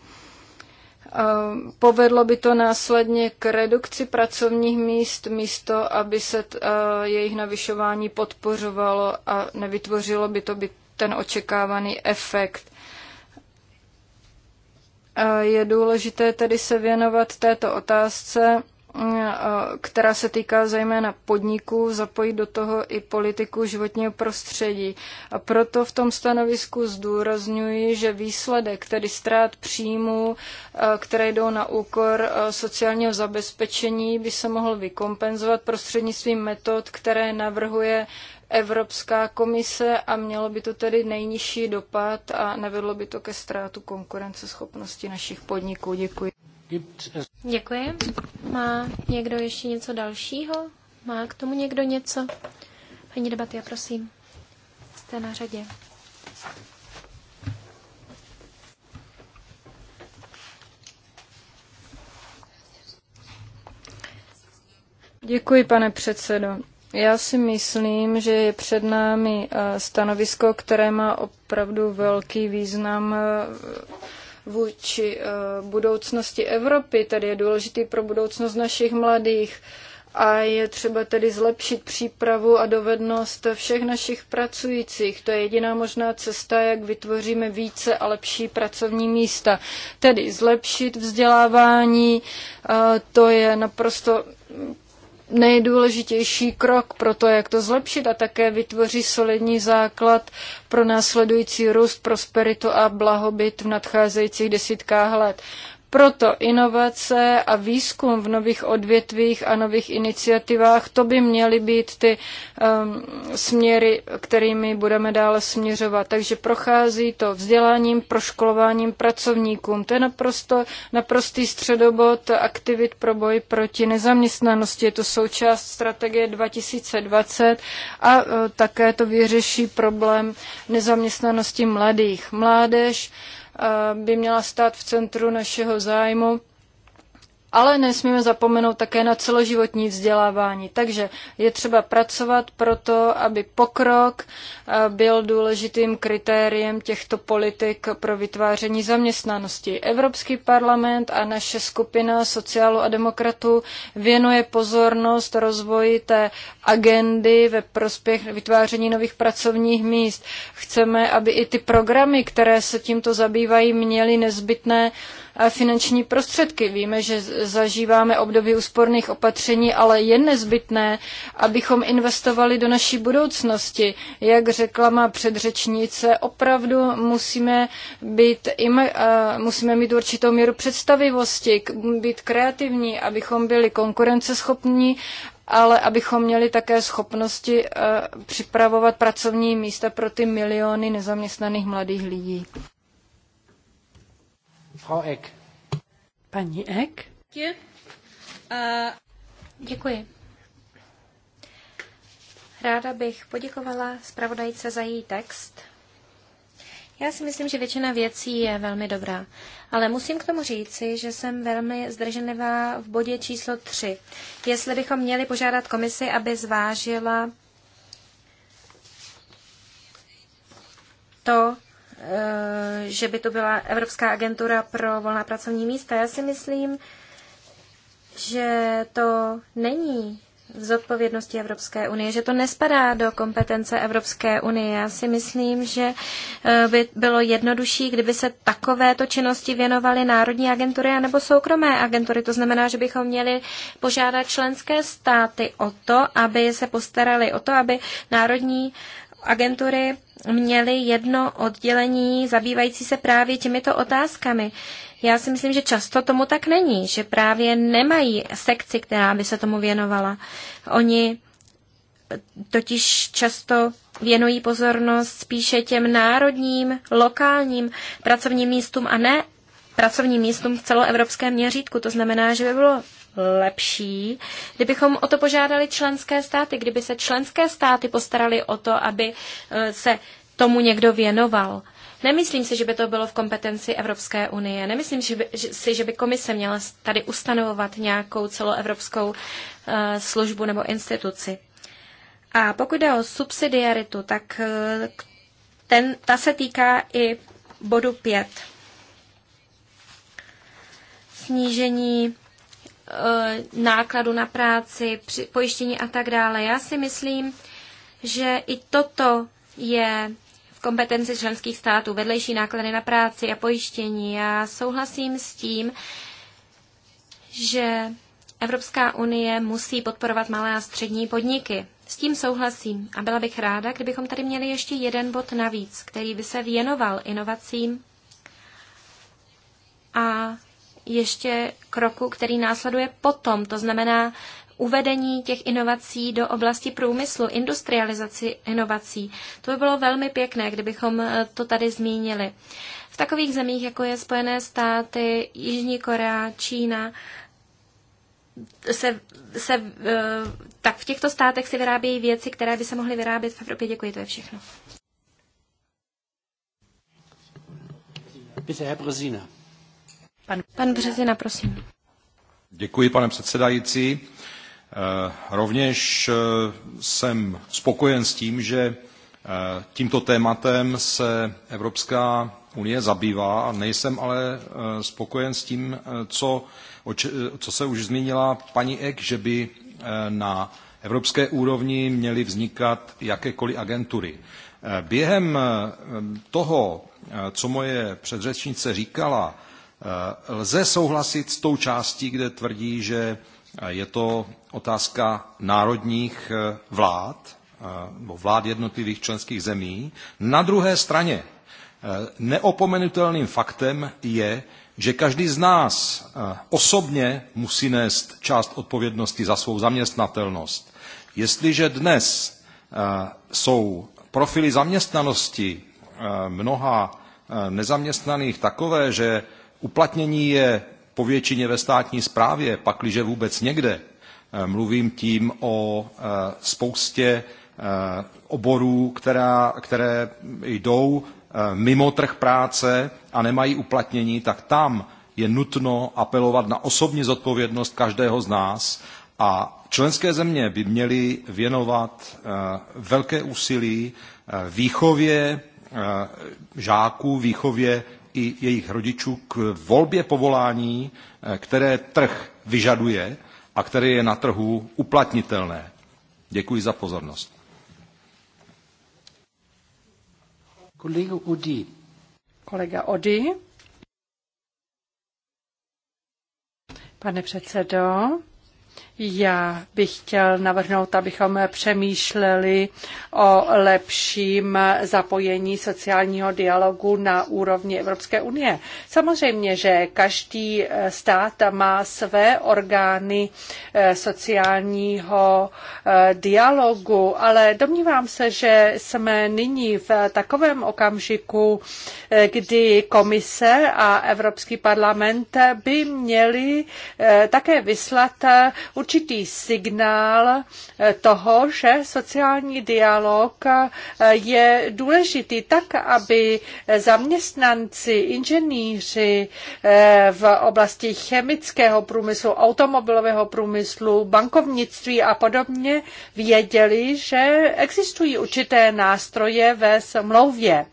povedlo by to následně k redukci pracovních míst, místo aby se e, jejich navyšování podpořovalo a nevytvořilo by to by ten očekávaný efekt. Je důležité tedy se věnovat této otázce která se týká zejména podniků, zapojit do toho i politiku životního prostředí. A proto v tom stanovisku zdůrazňuji, že výsledek, tedy ztrát příjmů, eh, které jdou na úkor eh, sociálního zabezpečení, by se mohl vykompenzovat prostřednictvím metod, které navrhuje Evropská komise a mělo by to tedy nejnižší dopad a nevedlo by to ke ztrátu konkurenceschopnosti našich podniků. Děkuji. Děkuji. Má někdo ještě něco dalšího? Má k tomu někdo něco? Paní debaty, prosím. Jste na řadě. Děkuji, pane předsedo. Já si myslím, že je před námi eh, stanovisko, které má opravdu velký význam eh, vůči eh, budoucnosti Evropy, tedy je důležitý pro budoucnost našich mladých a je třeba tedy zlepšit přípravu a dovednost všech našich pracujících. To je jediná možná cesta, jak vytvoříme více a lepší pracovní místa. Tedy zlepšit vzdělávání, eh, to je naprosto nejdůležitější krok pro to, jak to zlepšit a také vytvoří solidní základ pro následující růst, prosperitu a blahobyt v nadcházejících desítkách let. Proto inovace a výzkum v nových odvětvích a nových iniciativách, to by měly být ty um, směry, kterými budeme dále směřovat. Takže prochází to vzděláním, proškolováním pracovníkům. To je naprosto, naprostý středobod aktivit pro boj proti nezaměstnanosti. Je to součást strategie 2020 a uh, také to vyřeší problém nezaměstnanosti mladých. Mládež, uh, by měla stát v centru našeho zájmu ale nesmíme zapomenout také na celoživotní vzdělávání. Takže je třeba pracovat proto, aby pokrok eh, byl důležitým kritériem těchto politik pro vytváření zaměstnanosti. Evropský parlament a naše skupina sociálu a demokratů věnuje pozornost rozvoji té agendy ve prospěch vytváření nových pracovních míst. Chceme, aby i ty programy, které se tímto zabývají, měly nezbytné uh, finanční prostředky. Víme, že zažíváme období úsporných opatření, ale je nezbytné, abychom investovali do naší budoucnosti. Jak řekla má předřečnice, opravdu musíme, být, musíme mít určitou míru představivosti, být kreativní, abychom byli konkurenceschopní ale abychom měli také schopnosti eh, připravovat pracovní místa pro ty miliony nezaměstnaných mladých lidí. Frau Eck. Paní Eck. Děkuji. Ráda bych poděkovala zpravodajce za její text. Já si myslím, že většina věcí je velmi dobrá, ale musím k tomu říci, že jsem velmi zdrženlivá v bodě číslo 3. Jestli bychom měli požádat komisi, aby zvážila to, Eh, že by to byla Evropská agentura pro volná pracovní místa. Já si myslím, že to není v zodpovědnosti Evropské unie, že to nespadá do kompetence Evropské unie. Já si myslím, že eh, by bylo jednodušší, kdyby se takovéto činnosti věnovaly národní agentury anebo soukromé agentury. To znamená, že bychom měli požádat členské státy o to, aby se postarali o to, aby národní agentury měli jedno oddělení zabývající se právě těmito otázkami. Já si myslím, že často tomu tak není, že právě nemají sekci, která by se tomu věnovala. Oni totiž často věnují pozornost spíše těm národním, lokálním pracovním místům a ne pracovním místům v celoevropském měřítku. To znamená, že by bylo lepší, kdybychom o to požádali členské státy, kdyby se členské státy postarali o to, aby e, se tomu někdo věnoval. Nemyslím si, že by to bylo v kompetenci Evropské unie. Nemyslím si, že by, komise měla tady ustanovovat nějakou celoevropskou e, službu nebo instituci. A pokud jde o subsidiaritu, tak e, ten, ta se týká i bodu 5. Snížení Eh, nákladu na práci, pojištění a tak dále. Já si myslím, že i toto je v kompetenci členských států, vedlejší náklady na práci a pojištění. Já souhlasím s tím, že Evropská unie musí podporovat malé a střední podniky. S tím souhlasím a byla bych ráda, kdybychom tady měli ještě jeden bod navíc, který by se věnoval inovacím a ještě kroku, který následuje potom, to znamená uvedení těch inovací do oblasti průmyslu, industrializaci inovací. To by bylo velmi pěkné, kdybychom eh, to tady zmínili. V takových zemích, jako je Spojené státy, Jižní Korea, Čína, se, se, eh, tak v těchto státech si vyrábějí věci, které by se mohly vyrábět v Evropě. Děkuji, to je všechno. Bitte, Herr Pan, Pan Březina, prosím. Děkuji, pane předsedající. Eh, rovněž eh, jsem spokojen s tím, že eh, tímto tématem se Evropská unie zabývá. Nejsem ale spokojen s tím, co, co se už zmínila paní Ek, že by na evropské úrovni měly vznikat jakékoliv agentury. Během toho, co moje předřečnice říkala, Eh, lze souhlasit s tou částí, kde tvrdí, že eh, je to otázka národních eh, vlád, nebo vlád jednotlivých členských zemí. Na druhé straně neopomenutelným faktem je, že každý z nás osobně musí nést část odpovědnosti za svou zaměstnatelnost. Jestliže dnes jsou profily zaměstnanosti mnoha nezaměstnaných takové, že Uplatnění je po většině ve státní správě, pakliže vůbec někde. Eh, mluvím tím o eh, spoustě eh, oborů, která, které jdou mimo trh práce a nemají uplatnění, tak tam je nutno apelovat na osobní zodpovědnost každého z nás a členské země by měly věnovat velké úsilí výchově žáků, výchově i jejich rodičů k volbě povolání, eh, které trh vyžaduje a které je na trhu uplatnitelné. Děkuji za pozornost. Kolega Odi. Kolega Odi. Pane předsedo, já bych chtěl navrhnout, abychom přemýšleli o lepším zapojení sociálního dialogu na úrovni Evropské unie. Samozřejmě, že každý stát má své orgány eh, sociálního eh, dialogu, ale domnívám se, že jsme nyní v takovém okamžiku, eh, kdy komise a Evropský parlament by měli také vyslat určitý signál eh, toho, že sociální dialog eh, je důležitý tak, aby zaměstnanci, inženýři eh, v oblasti chemického průmyslu, automobilového průmyslu, bankovnictví a podobně věděli, že existují určité nástroje ve smlouvě.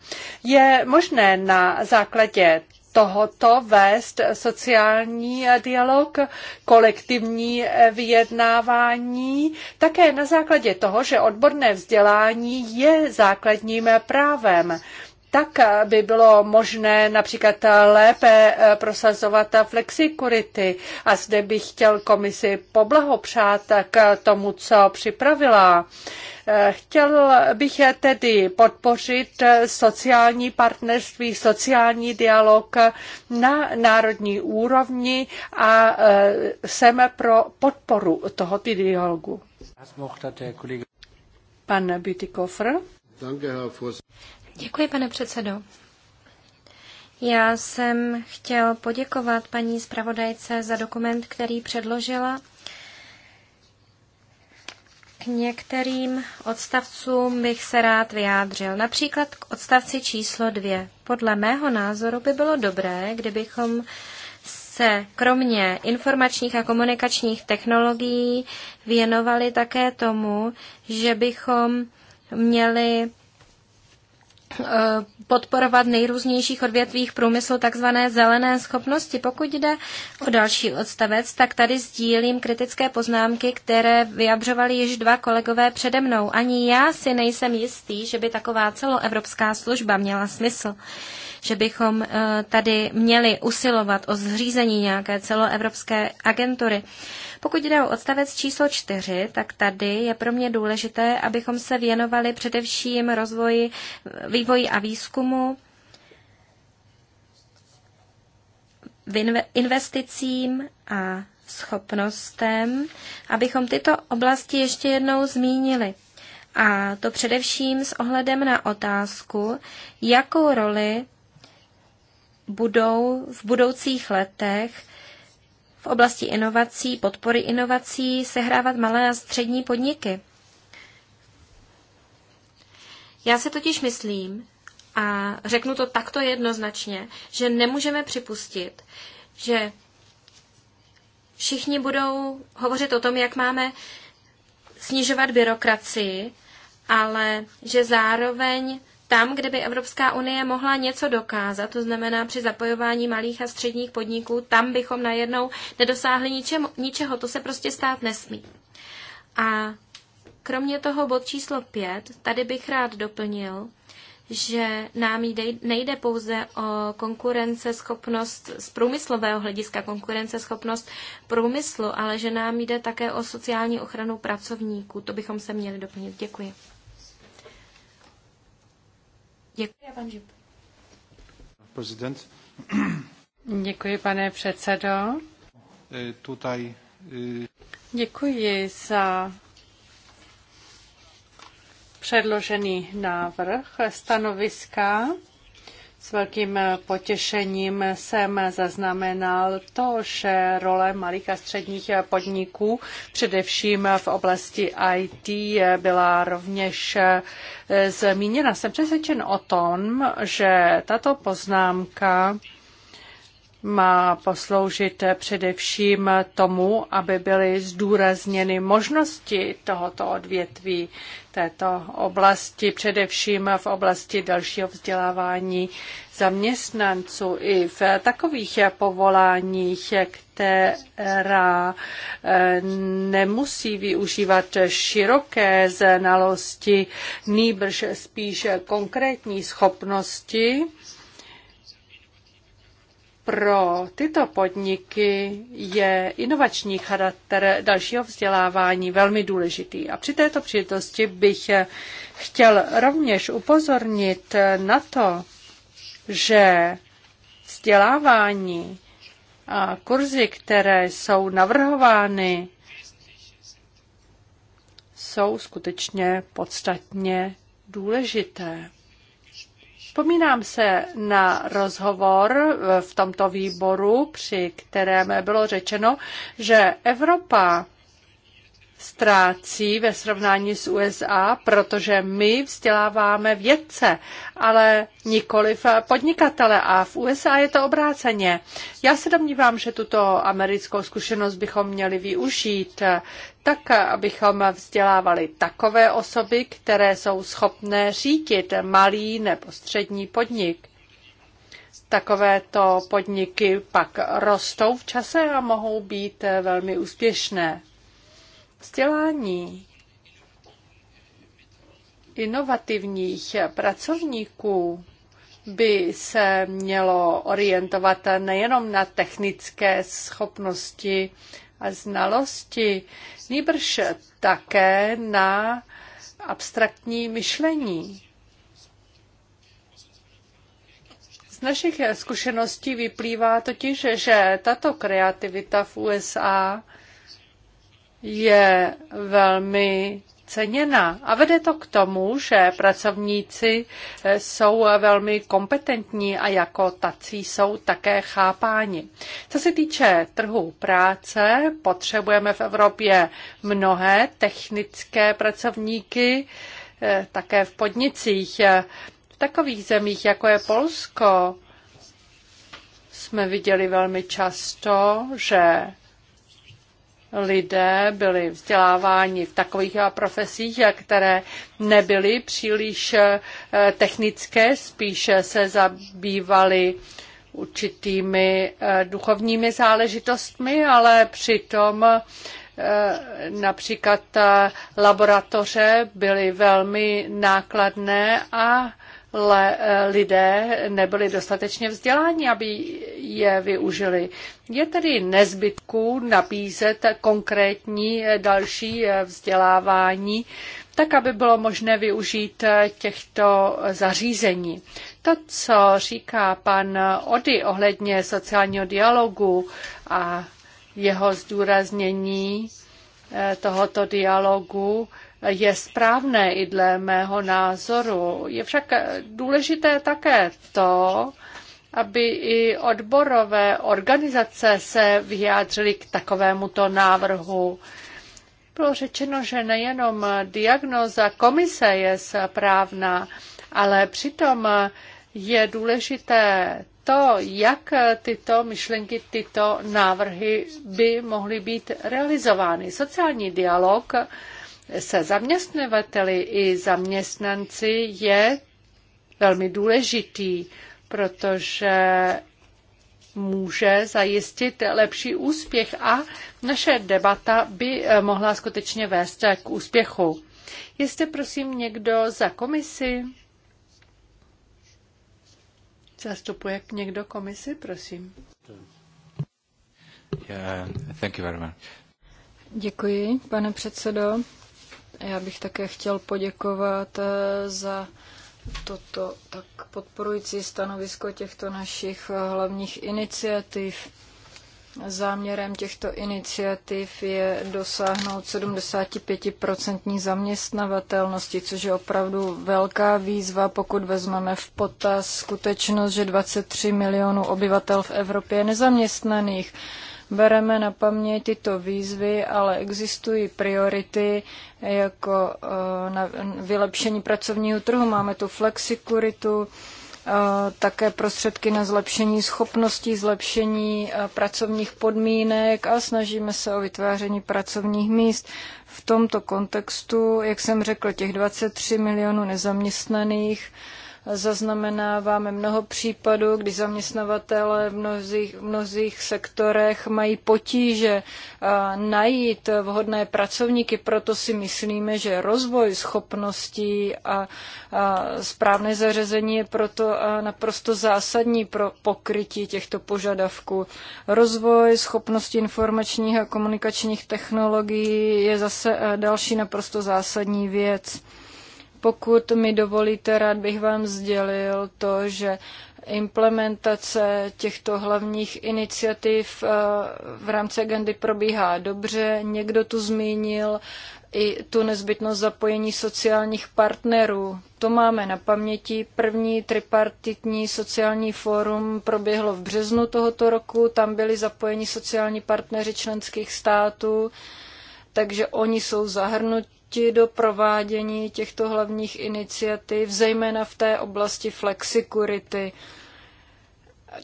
Je možné na základě tohoto vést sociální dialog, kolektivní vyjednávání, také na základě toho, že odborné vzdělání je základním právem tak by bylo možné například lépe prosazovat flexikurity. A zde bych chtěl komisi poblahopřát k tomu, co připravila. Chtěl bych tedy podpořit sociální partnerství, sociální dialog na národní úrovni a e, jsem pro podporu tohoto dialogu. Pan Bütikofr. Děkuji, pane předsedo. Já jsem chtěl poděkovat paní zpravodajce za dokument, který předložila některým odstavcům bych se rád vyjádřil. Například k odstavci číslo dvě. Podle mého názoru by bylo dobré, kdybychom se kromě informačních a komunikačních technologií věnovali také tomu, že bychom měli eh, podporovat nejrůznějších odvětvích průmyslu takzvané zelené schopnosti. Pokud jde o další odstavec, tak tady sdílím kritické poznámky, které vyjadřovali již dva kolegové přede mnou. Ani já si nejsem jistý, že by taková celoevropská služba měla smysl že bychom eh, tady měli usilovat o zřízení nějaké celoevropské agentury. Pokud jde o odstavec číslo čtyři, tak tady je pro mě důležité, abychom se věnovali především rozvoji, eh, vývoji a výzkumu, investicím a schopnostem, abychom tyto oblasti ještě jednou zmínili. A to především s ohledem na otázku, jakou roli budou v budoucích letech v oblasti inovací, podpory inovací sehrávat malé a střední podniky. Já se totiž myslím, a řeknu to takto jednoznačně, že nemůžeme připustit, že všichni budou hovořit o tom, jak máme snižovat byrokracii, ale že zároveň tam, kde by Evropská unie mohla něco dokázat, to znamená při zapojování malých a středních podniků, tam bychom najednou nedosáhli ničemu, ničeho, to se prostě stát nesmí. A kromě toho bod číslo pět, tady bych rád doplnil, že nám jde, nejde pouze o konkurenceschopnost z průmyslového hlediska, konkurenceschopnost průmyslu, ale že nám jde také o sociální ochranu pracovníků. To bychom se měli doplnit. Děkuji. Děkuji, pan Žip. Děkuji, pane předsedo. E, tutaj. E, Děkuji za předložený návrh stanoviska. S velkým potěšením jsem zaznamenal to, že role malých a středních podniků, především v oblasti IT, byla rovněž eh, zmíněna. Jsem přesvědčen o tom, že tato poznámka má posloužit především tomu, aby byly zdůrazněny možnosti tohoto odvětví této oblasti, především v oblasti dalšího vzdělávání zaměstnanců i v takových povoláních, která eh, nemusí využívat široké znalosti, nýbrž spíš konkrétní schopnosti pro tyto podniky je inovační charakter dalšího vzdělávání velmi důležitý. A při této příležitosti bych chtěl rovněž upozornit na to, že vzdělávání a kurzy, které jsou navrhovány, jsou skutečně podstatně důležité. Vzpomínám se na rozhovor v tomto výboru, při kterém bylo řečeno, že Evropa ztrácí ve srovnání s USA, protože my vzděláváme vědce, ale v podnikatele a v USA je to obráceně. Já se domnívám, že tuto americkou zkušenost bychom měli využít tak, abychom vzdělávali takové osoby, které jsou schopné řídit malý nebo střední podnik. Takovéto podniky pak rostou v čase a mohou být velmi úspěšné. Vzdělání inovativních pracovníků by se mělo orientovat nejenom na technické schopnosti znalosti, nýbrž také na abstraktní myšlení. Z našich zkušeností vyplývá totiž, že tato kreativita v USA je velmi ceněna. A vede to k tomu, že pracovníci eh, jsou eh, velmi kompetentní a jako tací jsou také chápáni. Co se týče trhu práce, potřebujeme v Evropě mnohé technické pracovníky, eh, také v podnicích. V takových zemích, jako je Polsko, jsme viděli velmi často, že lidé byli vzděláváni v takových profesích, které nebyly příliš eh, technické, spíše se zabývali určitými eh, duchovními záležitostmi, ale přitom eh, například laboratoře byly velmi nákladné a Eh, lidé nebyli dostatečně vzděláni, aby je využili. Je tedy nezbytku nabízet konkrétní eh, další eh, vzdělávání, tak aby bylo možné využít těchto zařízení. To, co říká pan Ody ohledně sociálního dialogu a jeho zdůraznění tohoto dialogu, je správné i dle mého názoru. Je však důležité také to, aby i odborové organizace se vyjádřily k takovémuto návrhu. Bylo řečeno, že nejenom diagnóza komise je správná, ale přitom je důležité to, jak tyto myšlenky, tyto návrhy by mohly být realizovány. Sociální dialog se zaměstnavateli i zaměstnanci je velmi důležitý, protože může zajistit lepší úspěch a naše debata by eh, mohla skutečně vést k úspěchu. Jestli prosím někdo za komisi? Zastupuje někdo komisi, prosím. Yeah, thank you very much. Děkuji, pane předsedo. Já bych také chtěl poděkovat eh, za toto tak podporující stanovisko těchto našich eh, hlavních iniciativ. Záměrem těchto iniciativ je dosáhnout 75% zaměstnavatelnosti, což je opravdu velká výzva, pokud vezmeme v potaz skutečnost, že 23 milionů obyvatel v Evropě je nezaměstnaných. Bereme na paměť tyto výzvy, ale existují priority jako eh, na vylepšení pracovního trhu. Máme tu flexikuritu, eh, také prostředky na zlepšení schopností, zlepšení eh, pracovních podmínek a snažíme se o vytváření pracovních míst. V tomto kontextu, jak jsem řekl, těch 23 milionů nezaměstnaných, Zaznamenáváme mnoho případů, kdy zaměstnavatele v mnozích, mnozích sektorech mají potíže najít vhodné pracovníky, proto si myslíme, že rozvoj schopností a, a správné zařazení je proto naprosto zásadní pro pokrytí těchto požadavků. Rozvoj schopností informačních a komunikačních technologií je zase další naprosto zásadní věc. Pokud mi dovolíte, rád bych vám sdělil to, že implementace těchto hlavních iniciativ eh, v rámci agendy probíhá dobře. Někdo tu zmínil i tu nezbytnost zapojení sociálních partnerů. To máme na paměti. První tripartitní sociální fórum proběhlo v březnu tohoto roku. Tam byli zapojeni sociální partneři členských států, takže oni jsou zahrnuti ti do provádění těchto hlavních iniciativ, zejména v té oblasti flexikurity.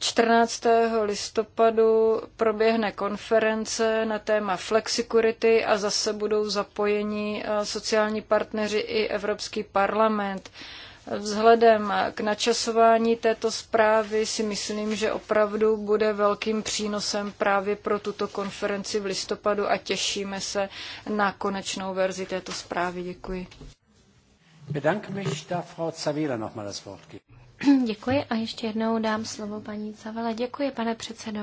14. listopadu proběhne konference na téma flexikurity a zase budou zapojeni eh, sociální partneři i Evropský parlament. Vzhledem k načasování této zprávy si myslím, že opravdu bude velkým přínosem právě pro tuto konferenci v listopadu a těšíme se na konečnou verzi této zprávy. Děkuji. Děkuji a ještě jednou dám slovo paní Cavele. Děkuji, pane předsedo.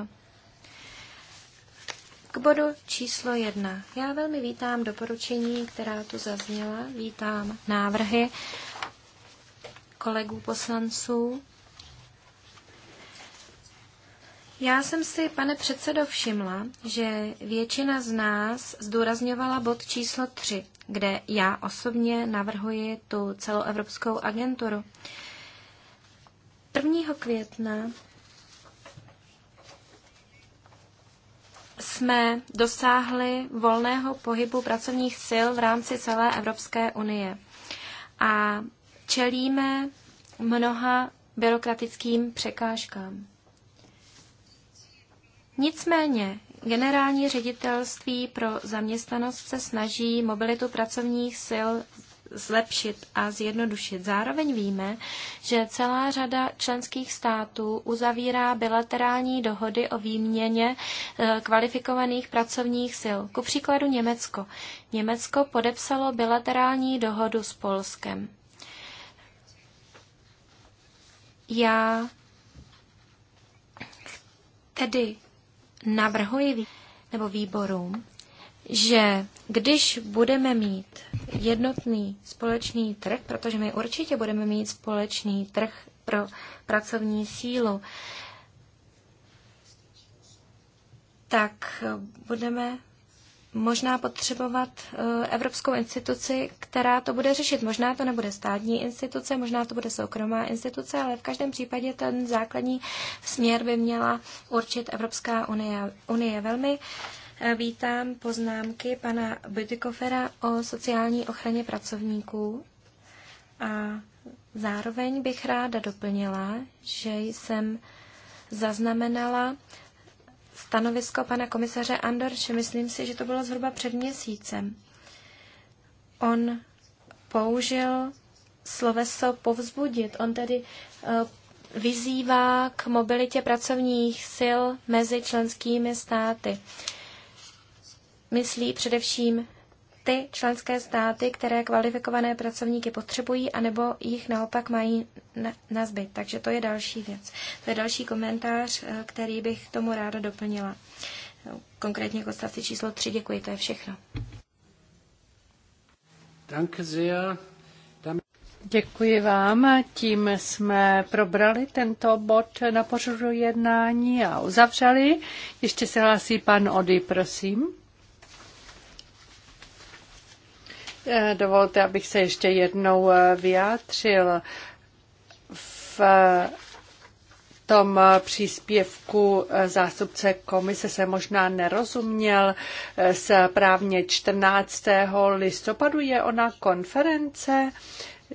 K bodu číslo jedna. Já velmi vítám doporučení, která tu zazněla. Vítám návrhy kolegů poslanců. Já jsem si, pane předsedo, všimla, že většina z nás zdůrazňovala bod číslo 3, kde já osobně navrhuji tu celoevropskou agenturu. 1. května jsme dosáhli volného pohybu pracovních sil v rámci celé Evropské unie. A čelíme mnoha byrokratickým překážkám. Nicméně generální ředitelství pro zaměstnanost se snaží mobilitu pracovních sil zlepšit a zjednodušit. Zároveň víme, že celá řada členských států uzavírá bilaterální dohody o výměně e, kvalifikovaných pracovních sil. Ku příkladu Německo. Německo podepsalo bilaterální dohodu s Polskem. Já tedy navrhuji nebo výborům, že když budeme mít jednotný společný trh, protože my určitě budeme mít společný trh pro pracovní sílu, tak budeme možná potřebovat eh, evropskou instituci, která to bude řešit. Možná to nebude státní instituce, možná to bude soukromá instituce, ale v každém případě ten základní směr by měla určit Evropská unie. unie. Velmi eh, vítám poznámky pana Bytykofera o sociální ochraně pracovníků a zároveň bych ráda doplnila, že jsem zaznamenala stanovisko pana komisaře Andorše. Myslím si, že to bylo zhruba před měsícem. On použil sloveso povzbudit. On tedy eh, vyzývá k mobilitě pracovních sil mezi členskými státy. Myslí především ty členské státy, které kvalifikované pracovníky potřebují, anebo jich naopak mají na, na zbyt. Takže to je další věc. To je další komentář, eh, který bych tomu ráda doplnila. No, konkrétně k odstavci číslo 3. Děkuji, to je všechno. Děkuji vám. Tím jsme probrali tento bod na pořadu jednání a uzavřeli. Ještě se hlásí pan Ody, prosím. Eh, dovolte, abych se ještě jednou eh, vyjádřil. V eh, tom příspěvku zástupce komise se možná nerozuměl. Z právně 14. listopadu je ona konference.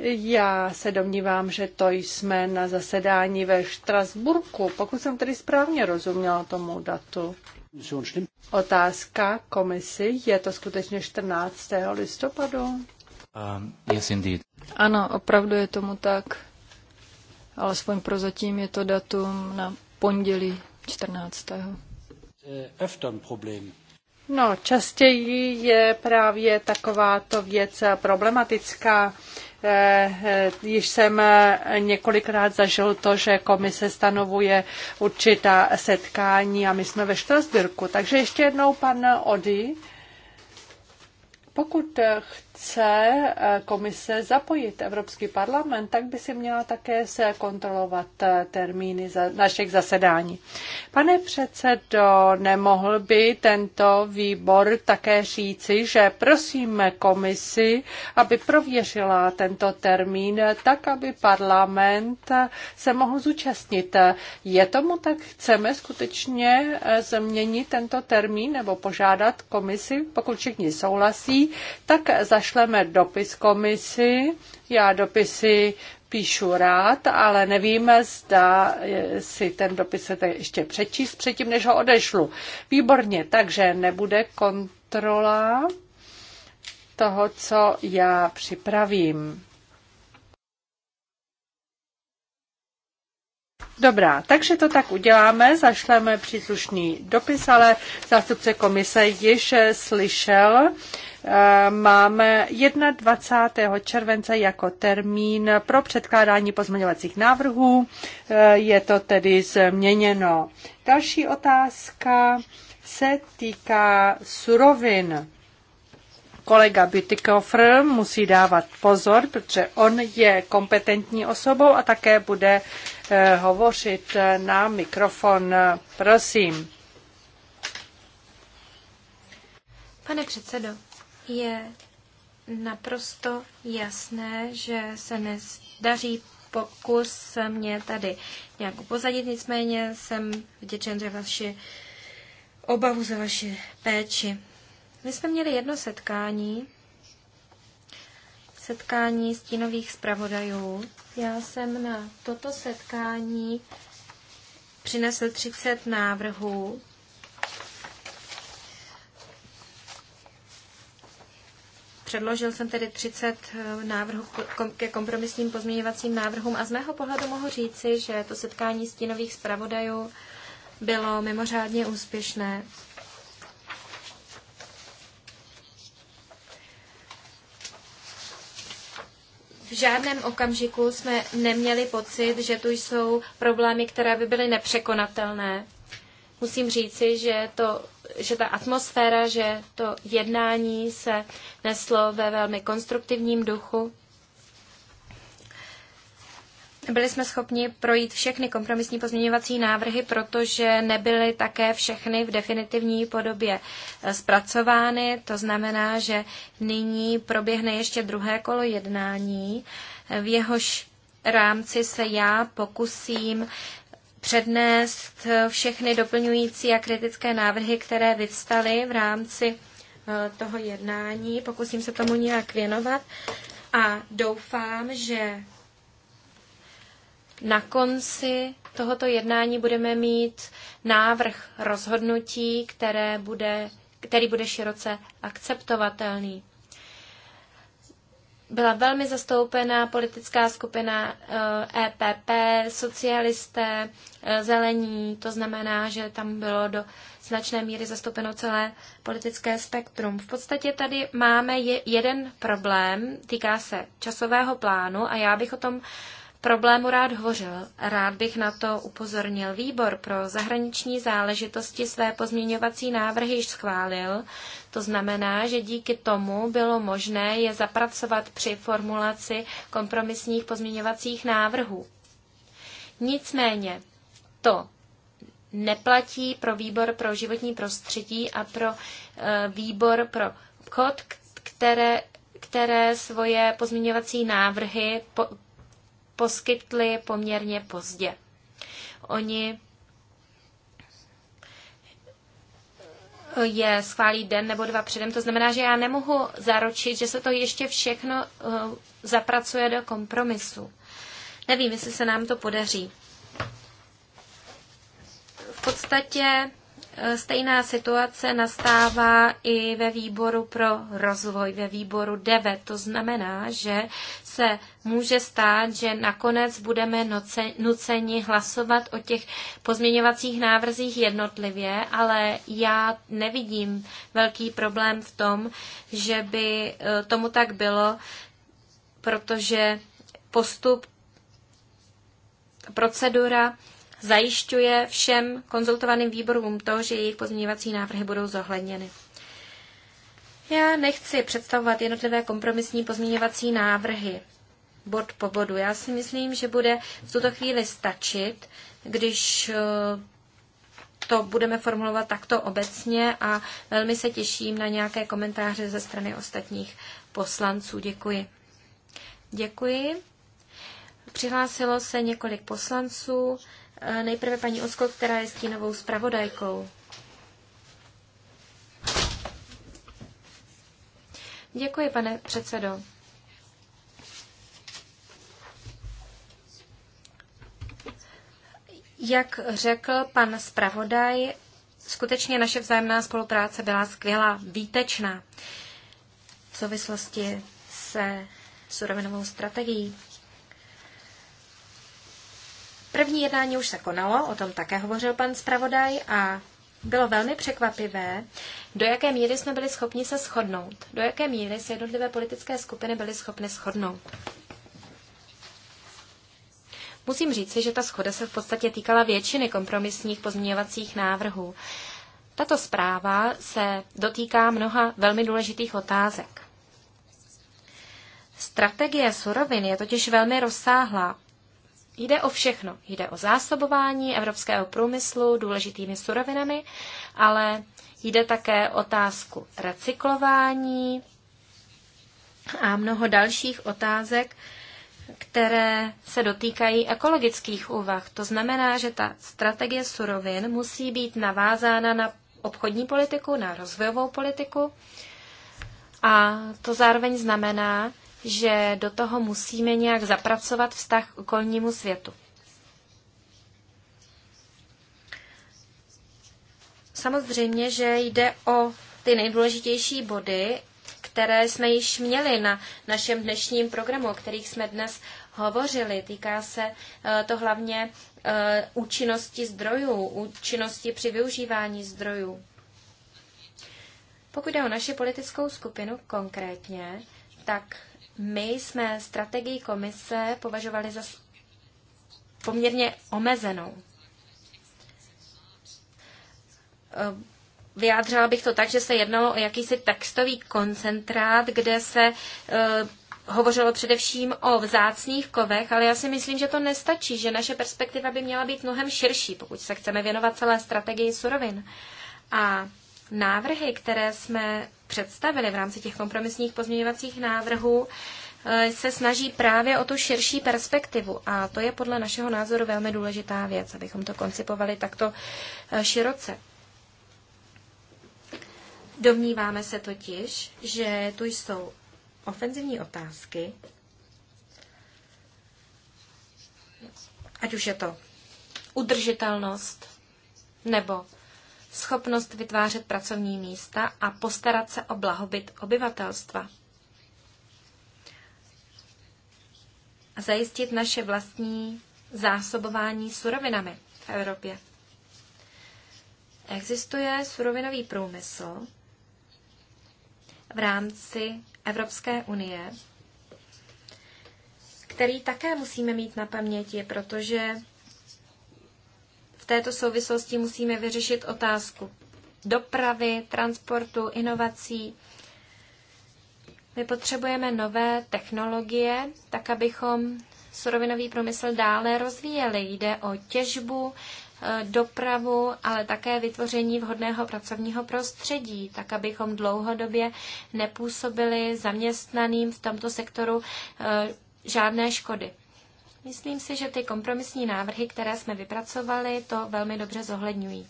Já se domnívám, že to jsme na zasedání ve Štrasburku, pokud jsem tedy správně rozuměla tomu datu. Otázka komisi, je to skutečně 14. listopadu? Um, yes, indeed. Ano, opravdu je tomu tak. Alespoň prozatím je to datum na pondělí 14. No, častěji je právě takováto věc problematická. Eh, již jsem eh, několikrát zažil to, že komise stanovuje určitá setkání a my jsme ve Štrasburku. Takže ještě jednou pan Ody. Pokud eh, chce eh, komise zapojit Evropský parlament, tak by si měla také se kontrolovat eh, termíny našich zasedání. Pane předsedo, nemohl by tento výbor také říci, že prosíme komisi, aby prověřila tento termín tak, aby parlament eh, se mohl zúčastnit. Je tomu tak? Chceme skutečně změnit tento termín nebo požádat komisi, pokud všichni souhlasí, tak za zašleme dopis komisi. Já dopisy píšu rád, ale nevíme, zda eh, si ten dopis chcete ještě přečíst předtím, než ho odešlu. Výborně, takže nebude kontrola toho, co já připravím. Dobrá, takže to tak uděláme, zašleme příslušný dopis, ale zástupce komise již slyšel Eh, máme 21. července jako termín pro předkládání pozměňovacích návrhů. Eh, je to tedy změněno. Další otázka se týká surovin kolega Bütikofr musí dávat pozor, protože on je kompetentní osobou a také bude eh, hovořit na mikrofon. Prosím. Pane předsedo, je naprosto jasné, že se nezdaří pokus mě tady nějak upozadit, nicméně jsem vděčen za vaši obavu, za vaši péči. My jsme měli jedno setkání, setkání stínových zpravodajů. Já jsem na toto setkání přinesl 30 návrhů Předložil jsem tedy 30 eh, návrhů ke kompromisním pozměňovacím návrhům a z mého pohledu mohu říci, že to setkání stínových zpravodajů bylo mimořádně úspěšné. V žádném okamžiku jsme neměli pocit, že tu jsou problémy, které by byly nepřekonatelné. Musím říci, že to že ta atmosféra, že to jednání se neslo ve velmi konstruktivním duchu. Byli jsme schopni projít všechny kompromisní pozměňovací návrhy, protože nebyly také všechny v definitivní podobě eh, zpracovány. To znamená, že nyní proběhne ještě druhé kolo jednání, v jehož rámci se já pokusím přednést všechny doplňující a kritické návrhy, které vyvstaly v rámci eh, toho jednání. Pokusím se tomu nějak věnovat a doufám, že na konci tohoto jednání budeme mít návrh rozhodnutí, které bude, který bude široce akceptovatelný byla velmi zastoupená politická skupina EPP, eh, e socialisté, eh, zelení, to znamená, že tam bylo do značné míry zastoupeno celé politické spektrum. V podstatě tady máme jeden problém, týká se časového plánu a já bych o tom problému rád hovořil. Rád bych na to upozornil. Výbor pro zahraniční záležitosti své pozměňovací návrhy již schválil. To znamená, že díky tomu bylo možné je zapracovat při formulaci kompromisních pozměňovacích návrhů. Nicméně to neplatí pro výbor pro životní prostředí a pro e, výbor pro obchod, které, které svoje pozměňovací návrhy po, poskytly poměrně pozdě. Oni je schválí den nebo dva předem. To znamená, že já nemohu zaručit, že se to ještě všechno eh, zapracuje do kompromisu. Nevím, jestli se nám to podaří. V podstatě Stejná situace nastává i ve výboru pro rozvoj, ve výboru 9. To znamená, že se může stát, že nakonec budeme nuceni hlasovat o těch pozměňovacích návrzích jednotlivě, ale já nevidím velký problém v tom, že by eh, tomu tak bylo, protože postup, procedura zajišťuje všem konzultovaným výborům to, že jejich pozměňovací návrhy budou zohledněny. Já nechci představovat jednotlivé kompromisní pozměňovací návrhy bod po bodu. Já si myslím, že bude v tuto chvíli stačit, když eh, to budeme formulovat takto obecně a velmi se těším na nějaké komentáře ze strany ostatních poslanců. Děkuji. Děkuji. Přihlásilo se několik poslanců. Eh, nejprve paní Osko, která je stínovou zpravodajkou. Děkuji, pane předsedo. Jak řekl pan zpravodaj, skutečně naše vzájemná spolupráce byla skvělá, výtečná v souvislosti se surovinovou strategií. První jednání už se konalo, o tom také hovořil pan zpravodaj a bylo velmi překvapivé, do jaké míry jsme byli schopni se shodnout, do jaké míry se jednotlivé politické skupiny byly schopny shodnout. Musím říci, že ta schoda se v podstatě týkala většiny kompromisních pozměňovacích návrhů. Tato zpráva se dotýká mnoha velmi důležitých otázek. Strategie surovin je totiž velmi rozsáhlá. Jde o všechno. Jde o zásobování evropského průmyslu důležitými surovinami, ale jde také otázku recyklování a mnoho dalších otázek, které se dotýkají ekologických úvah. To znamená, že ta strategie surovin musí být navázána na obchodní politiku, na rozvojovou politiku. A to zároveň znamená, že do toho musíme nějak zapracovat vztah k okolnímu světu. Samozřejmě, že jde o ty nejdůležitější body, které jsme již měli na našem dnešním programu, o kterých jsme dnes hovořili. Týká se eh, to hlavně eh, účinnosti zdrojů, účinnosti při využívání zdrojů. Pokud jde o naši politickou skupinu konkrétně, tak my jsme strategii komise považovali za poměrně omezenou. Eh, vyjádřila bych to tak, že se jednalo o jakýsi textový koncentrát, kde se eh, hovořilo především o vzácných kovech, ale já si myslím, že to nestačí, že naše perspektiva by měla být mnohem širší, pokud se chceme věnovat celé strategii surovin. A návrhy, které jsme představili v rámci těch kompromisních pozměňovacích návrhů, eh, se snaží právě o tu širší perspektivu. A to je podle našeho názoru velmi důležitá věc, abychom to koncipovali takto eh, široce. Domníváme se totiž, že tu jsou ofenzivní otázky, ať už je to udržitelnost nebo schopnost vytvářet pracovní místa a postarat se o blahobyt obyvatelstva. A zajistit naše vlastní zásobování surovinami v Evropě. Existuje surovinový průmysl v rámci Evropské unie, který také musíme mít na paměti, protože této souvislosti musíme vyřešit otázku dopravy, transportu, inovací. My potřebujeme nové technologie, tak abychom surovinový průmysl dále rozvíjeli. Jde o těžbu, e, dopravu, ale také vytvoření vhodného pracovního prostředí, tak abychom dlouhodobě nepůsobili zaměstnaným v tomto sektoru e, žádné škody. Myslím si, že ty kompromisní návrhy, které jsme vypracovali, to velmi dobře zohledňují.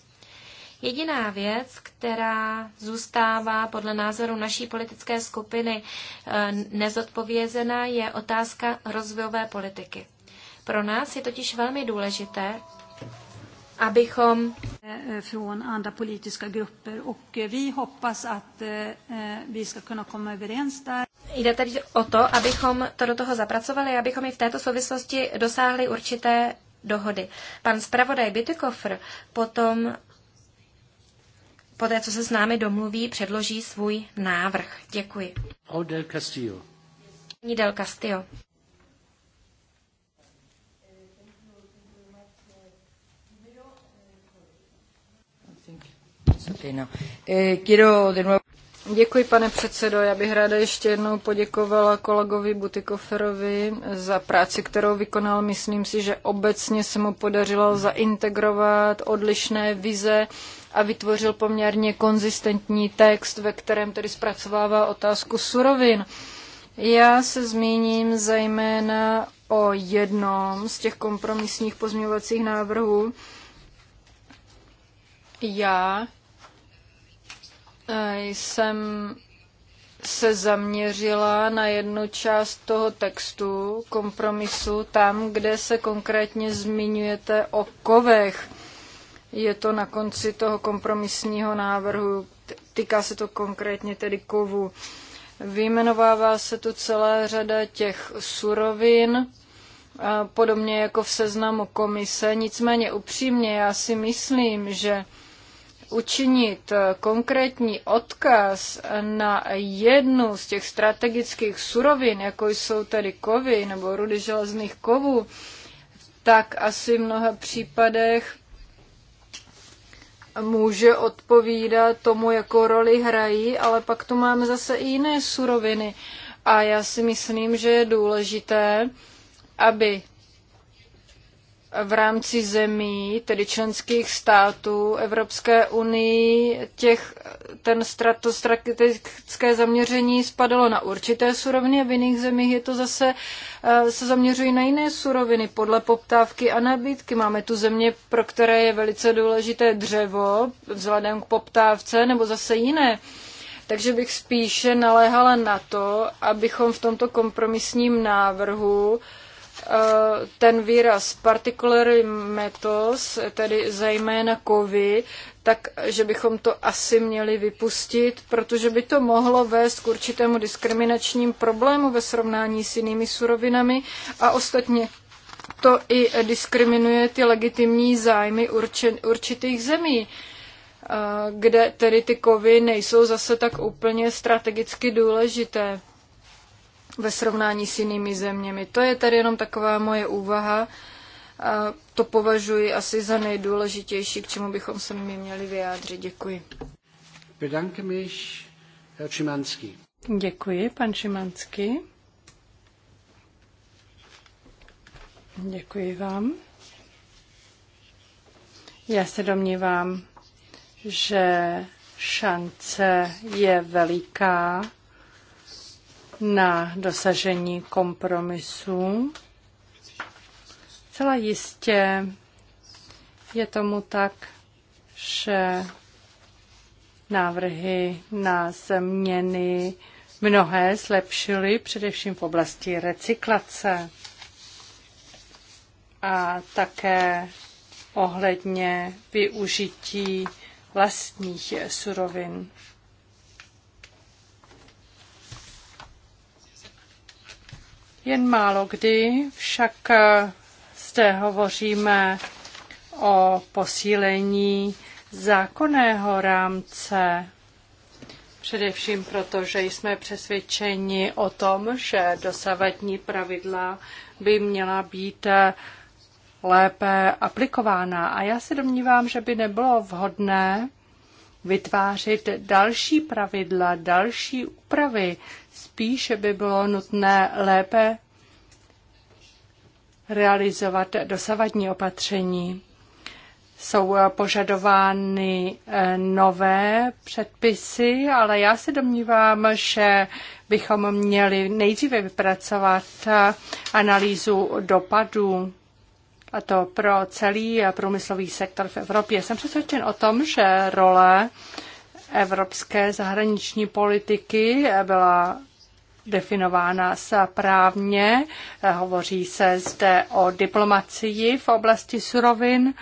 Jediná věc, která zůstává podle názoru naší politické skupiny eh, nezodpovězená, je otázka rozvojové politiky. Pro nás je totiž velmi důležité, abychom eh, från andra politiska grupper och eh, vi hoppas att eh, vi ska kunna komma överens där. Jde tedy o to, abychom to do toho zapracovali, abychom i v této souvislosti dosáhli určité dohody. Pan zpravodaj Bytykofr potom, po té, co se s námi domluví, předloží svůj návrh. Děkuji. Odel Castillo. Nidel Castillo. No. Eh, Děkuji, pane předsedo. Já bych ráda ještě jednou poděkovala kolegovi Butikoferovi za práci, kterou vykonal. Myslím si, že obecně se mu podařilo zaintegrovat odlišné vize a vytvořil poměrně konzistentní text, ve kterém tedy zpracovává otázku surovin. Já se zmíním zejména o jednom z těch kompromisních pozměňovacích návrhů. Já jsem se zaměřila na jednu část toho textu, kompromisu, tam, kde se konkrétně zmiňujete o kovech. Je to na konci toho kompromisního návrhu, týká se to konkrétně tedy kovu. Vyjmenovává se tu celá řada těch surovin, podobně jako v seznamu komise. Nicméně upřímně, já si myslím, že učinit eh, konkrétní odkaz na jednu z těch strategických surovin, jako jsou tedy kovy nebo rudy železných kovů, tak asi v mnoha případech může odpovídat tomu, jakou roli hrají, ale pak tu máme zase i jiné suroviny. A já si myslím, že je důležité, aby v rámci zemí, tedy členských států Evropské unii, těch, ten stratostrategické zaměření spadalo na určité suroviny a v jiných zemích je to zase, eh, se zaměřují na jiné suroviny podle poptávky a nabídky. Máme tu země, pro které je velice důležité dřevo vzhledem k poptávce nebo zase jiné. Takže bych spíše naléhala na to, abychom v tomto kompromisním návrhu uh, Eh, ten výraz particulary metals, tedy zejména kovy, tak, že bychom to asi měli vypustit, protože by to mohlo vést k určitému diskriminačním problému ve srovnání s jinými surovinami a ostatně to i diskriminuje ty legitimní zájmy určen, určitých zemí, eh, kde tedy ty kovy nejsou zase tak úplně strategicky důležité ve srovnání s jinými zeměmi. To je tady jenom taková moje úvaha. A to považuji asi za nejdůležitější, k čemu bychom se mi měli vyjádřit. Děkuji. Bedanke mich, Herr Šimanský. Děkuji, pan Šimanský. Děkuji vám. Já se domnívám, že šance je veliká, na dosažení kompromisu. Celá jistě je tomu tak, že návrhy na změny mnohé zlepšily, především v oblasti recyklace a také ohledně využití vlastních surovin. Jen málo kdy však eh, zde hovoříme o posílení zákonného rámce. Především proto, že jsme přesvědčeni o tom, že dosavadní pravidla by měla být eh, lépe aplikována. A já se domnívám, že by nebylo vhodné vytvářet další pravidla, další úpravy, Spíše by bylo nutné lépe realizovat dosavadní opatření. Jsou požadovány eh, nové předpisy, ale já se domnívám, že bychom měli nejdříve vypracovat eh, analýzu dopadů a to pro celý eh, průmyslový sektor v Evropě. Jsem přesvědčen o tom, že role evropské zahraniční politiky eh, byla definována právně. Eh, hovoří se zde o diplomacii v oblasti surovin.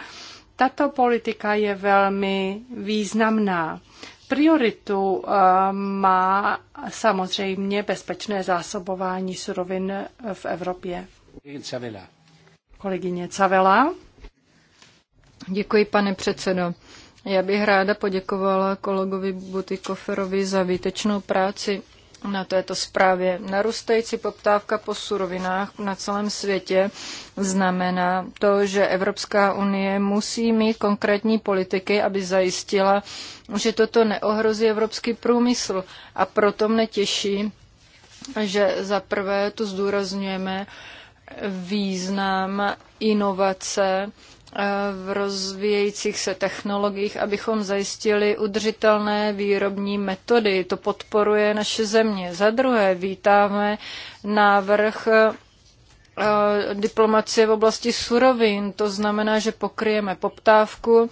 Tato politika je velmi významná. Prioritu eh, má samozřejmě bezpečné zásobování surovin v Evropě. Kolegyně Cavela. Děkuji, pane předsedo. Já bych ráda poděkovala kolegovi Butikoferovi za výtečnou práci na této zprávě. Narůstající poptávka po surovinách na celém světě znamená to, že Evropská unie musí mít konkrétní politiky, aby zajistila, že toto neohrozí evropský průmysl. A proto mne těší, že za prvé tu zdůrazňujeme význam inovace, Eh, v rozvíjejících se technologiích, abychom zajistili udržitelné výrobní metody. To podporuje naše země. Za druhé vítáme návrh eh, diplomacie v oblasti surovin. To znamená, že pokryjeme poptávku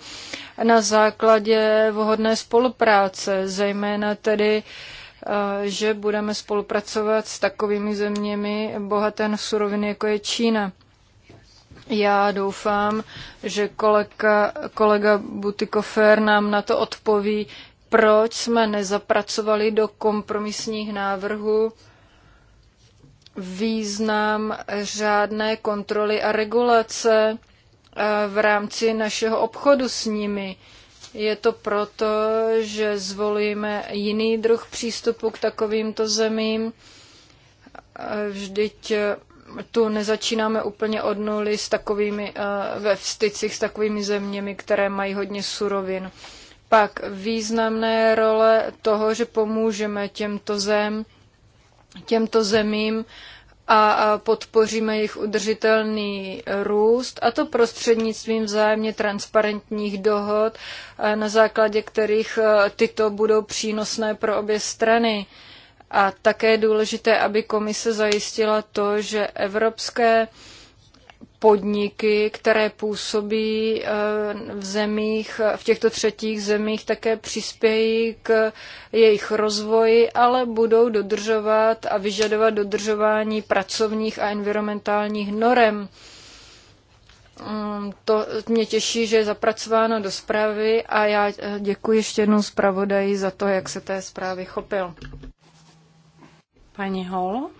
na základě vhodné spolupráce, zejména tedy eh, že budeme spolupracovat s takovými zeměmi bohaté na suroviny, jako je Čína. Já doufám, že kolega, kolega Butikofer nám na to odpoví, proč jsme nezapracovali do kompromisních návrhů význam řádné kontroly a regulace eh, v rámci našeho obchodu s nimi. Je to proto, že zvolíme jiný druh přístupu k takovýmto zemím. Eh, vždyť tu nezačínáme úplně od nuly s takovými, eh, ve vstycích s takovými zeměmi, které mají hodně surovin. Pak významné role toho, že pomůžeme těmto zem, těmto zemím a podpoříme jejich udržitelný růst, a to prostřednictvím vzájemně transparentních dohod, eh, na základě kterých eh, tyto budou přínosné pro obě strany. A také je důležité, aby komise zajistila to, že evropské podniky, které působí eh, v zemích, v těchto třetích zemích, také přispějí k jejich rozvoji, ale budou dodržovat a vyžadovat dodržování pracovních a environmentálních norem. Mm, to mě těší, že je zapracováno do zprávy a já eh, děkuji ještě jednou zpravodaji za to, jak se té zprávy chopil. Hall.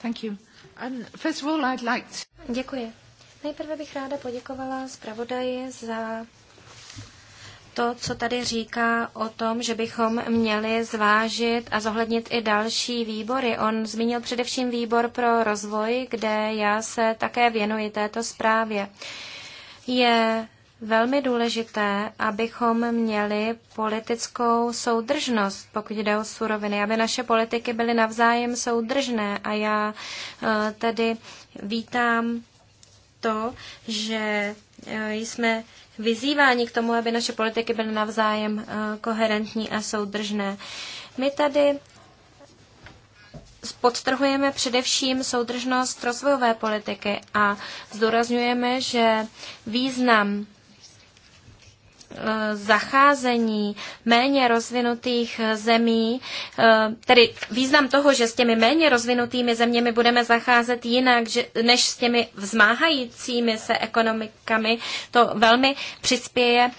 Thank you. Um, first of all, I'd like to... Děkuji. Nejprve bych ráda poděkovala zpravodaji za to, co tady říká o tom, že bychom měli zvážit a zohlednit i další výbory. On zmínil především výbor pro rozvoj, kde já se také věnuji této zprávě. Je velmi důležité, abychom měli politickou soudržnost, pokud jde o suroviny, aby naše politiky byly navzájem soudržné. A já eh, tedy vítám to, že eh, jsme vyzýváni k tomu, aby naše politiky byly navzájem eh, koherentní a soudržné. My tady podtrhujeme především soudržnost rozvojové politiky a zdůrazňujeme, že význam Eh, zacházení méně rozvinutých eh, zemí, eh, tedy význam toho, že s těmi méně rozvinutými zeměmi budeme zacházet jinak než s těmi vzmáhajícími se ekonomikami, to velmi přispěje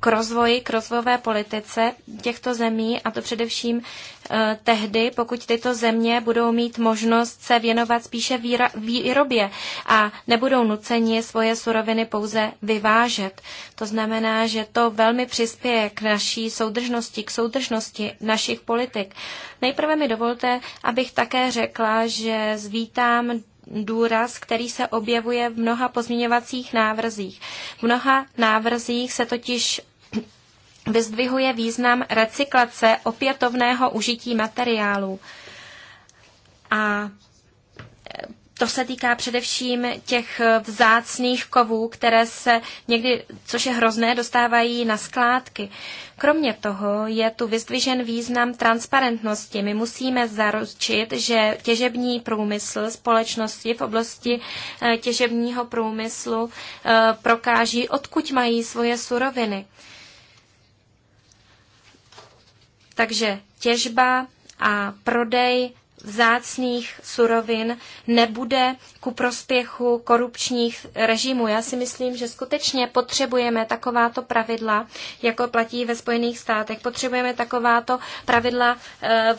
k rozvoji, k rozvojové politice těchto zemí a to především Eh, tehdy, pokud tyto země budou mít možnost se věnovat spíše výrobě a nebudou nuceni svoje suroviny pouze vyvážet. To znamená, že to velmi přispěje k naší soudržnosti, k soudržnosti našich politik. Nejprve mi dovolte, abych také řekla, že zvítám důraz, který se objevuje v mnoha pozměňovacích návrzích. V mnoha návrzích se totiž vyzdvihuje význam recyklace opětovného užití materiálu A to se týká především těch vzácných kovů, které se někdy, což je hrozné, dostávají na skládky. Kromě toho je tu vyzdvižen význam transparentnosti. My musíme zaručit, že těžební průmysl společnosti v oblasti eh, těžebního průmyslu eh, prokáží, odkud mají svoje suroviny. Takže těžba a prodej vzácných surovin nebude ku prospěchu korupčních režimů. Já si myslím, že skutečně potřebujeme takováto pravidla, jako platí ve Spojených státech. Potřebujeme takováto pravidla, e, e,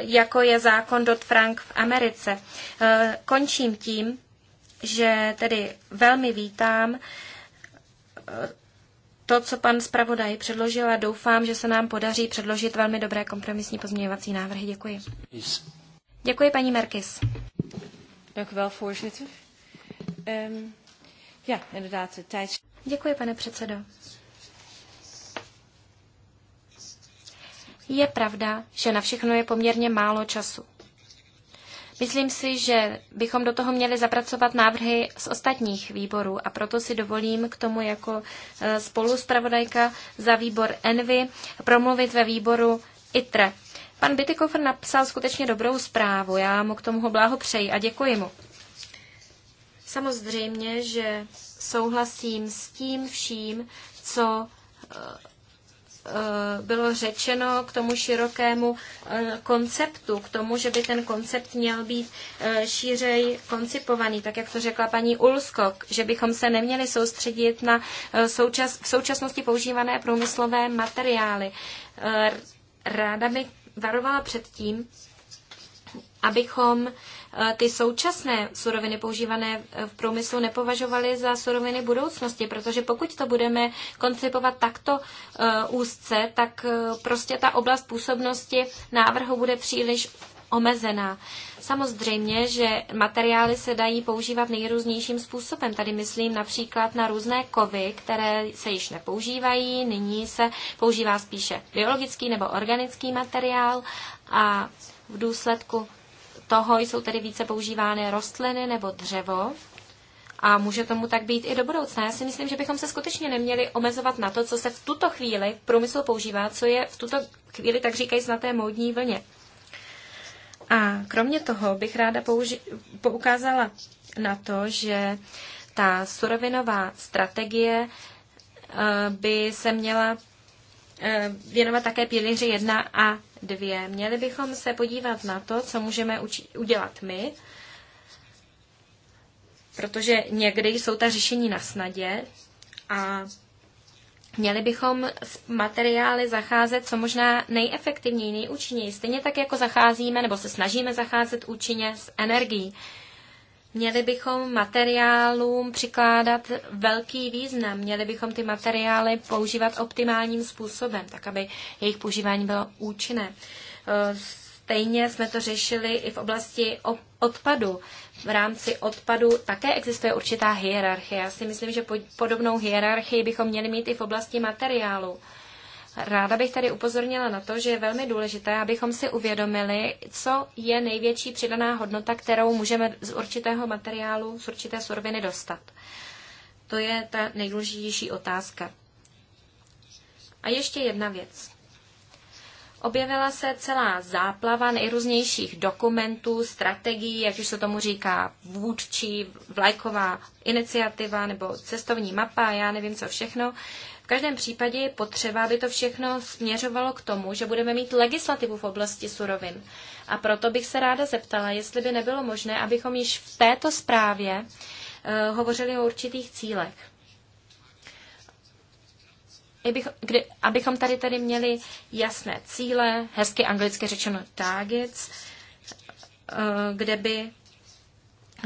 jako je zákon Dodd-Frank v Americe. E, končím tím, že tedy velmi vítám to, co pan zpravodaj předložil a doufám, že se nám podaří předložit velmi dobré kompromisní pozměňovací návrhy. Děkuji. Děkuji, paní Merkis. Ehm, Děkuji, pane předsedo. Je pravda, že na všechno je poměrně málo času. Myslím si, že bychom do toho měli zapracovat návrhy z ostatních výborů a proto si dovolím k tomu jako zpravodajka eh, za výbor Envy promluvit ve výboru ITRE. Pan Bitykofer napsal skutečně dobrou zprávu, já mu k tomu přeji a děkuji mu. Samozřejmě, že souhlasím s tím vším, co eh, Eh, bylo řečeno k tomu širokému eh, konceptu, k tomu, že by ten koncept měl být eh, šířej koncipovaný, tak jak to řekla paní Ulskok, že bychom se neměli soustředit na součas, v současnosti používané průmyslové materiály. Ráda bych varovala před tím, abychom ty současné suroviny používané v průmyslu nepovažovali za suroviny budoucnosti, protože pokud to budeme koncipovat takto eh, úzce, tak eh, prostě ta oblast působnosti návrhu bude příliš omezená. Samozřejmě, že materiály se dají používat nejrůznějším způsobem. Tady myslím například na různé kovy, které se již nepoužívají. Nyní se používá spíše biologický nebo organický materiál a v důsledku toho jsou tedy více používány rostliny nebo dřevo. A může tomu tak být i do budoucna. Já si myslím, že bychom se skutečně neměli omezovat na to, co se v tuto chvíli v průmyslu používá, co je v tuto chvíli, tak říkají, na té módní vlně. A kromě toho bych ráda použi- poukázala na to, že ta surovinová strategie eh, by se měla Eh, věnovat také pilíři 1 a 2. Měli bychom se podívat na to, co můžeme udělat my, protože někdy jsou ta řešení na snadě a Měli bychom s materiály zacházet co možná nejefektivněji, nejúčinněji, stejně tak jako zacházíme nebo se snažíme zacházet účinně s energií. Měli bychom materiálům přikládat velký význam, měli bychom ty materiály používat optimálním způsobem, tak aby jejich používání bylo účinné. Eh, stejně jsme to řešili i v oblasti odpadu. V rámci odpadu také existuje určitá hierarchie. Já si myslím, že podobnou hierarchii bychom měli mít i v oblasti materiálu. Ráda bych tady upozornila na to, že je velmi důležité, abychom si uvědomili, co je největší přidaná hodnota, kterou můžeme z určitého materiálu, z určité suroviny dostat. To je ta nejdůležitější otázka. A ještě jedna věc. Objevila se celá záplava nejrůznějších dokumentů, strategií, jak už se tomu říká, vůdčí, vlajková iniciativa nebo cestovní mapa, já nevím co všechno každém případě je potřeba, aby to všechno směřovalo k tomu, že budeme mít legislativu v oblasti surovin. A proto bych se ráda zeptala, jestli by nebylo možné, abychom již v této zprávě uh, hovořili o určitých cílech. abychom tady tady měli jasné cíle, hezky anglicky řečeno targets, eh, kde by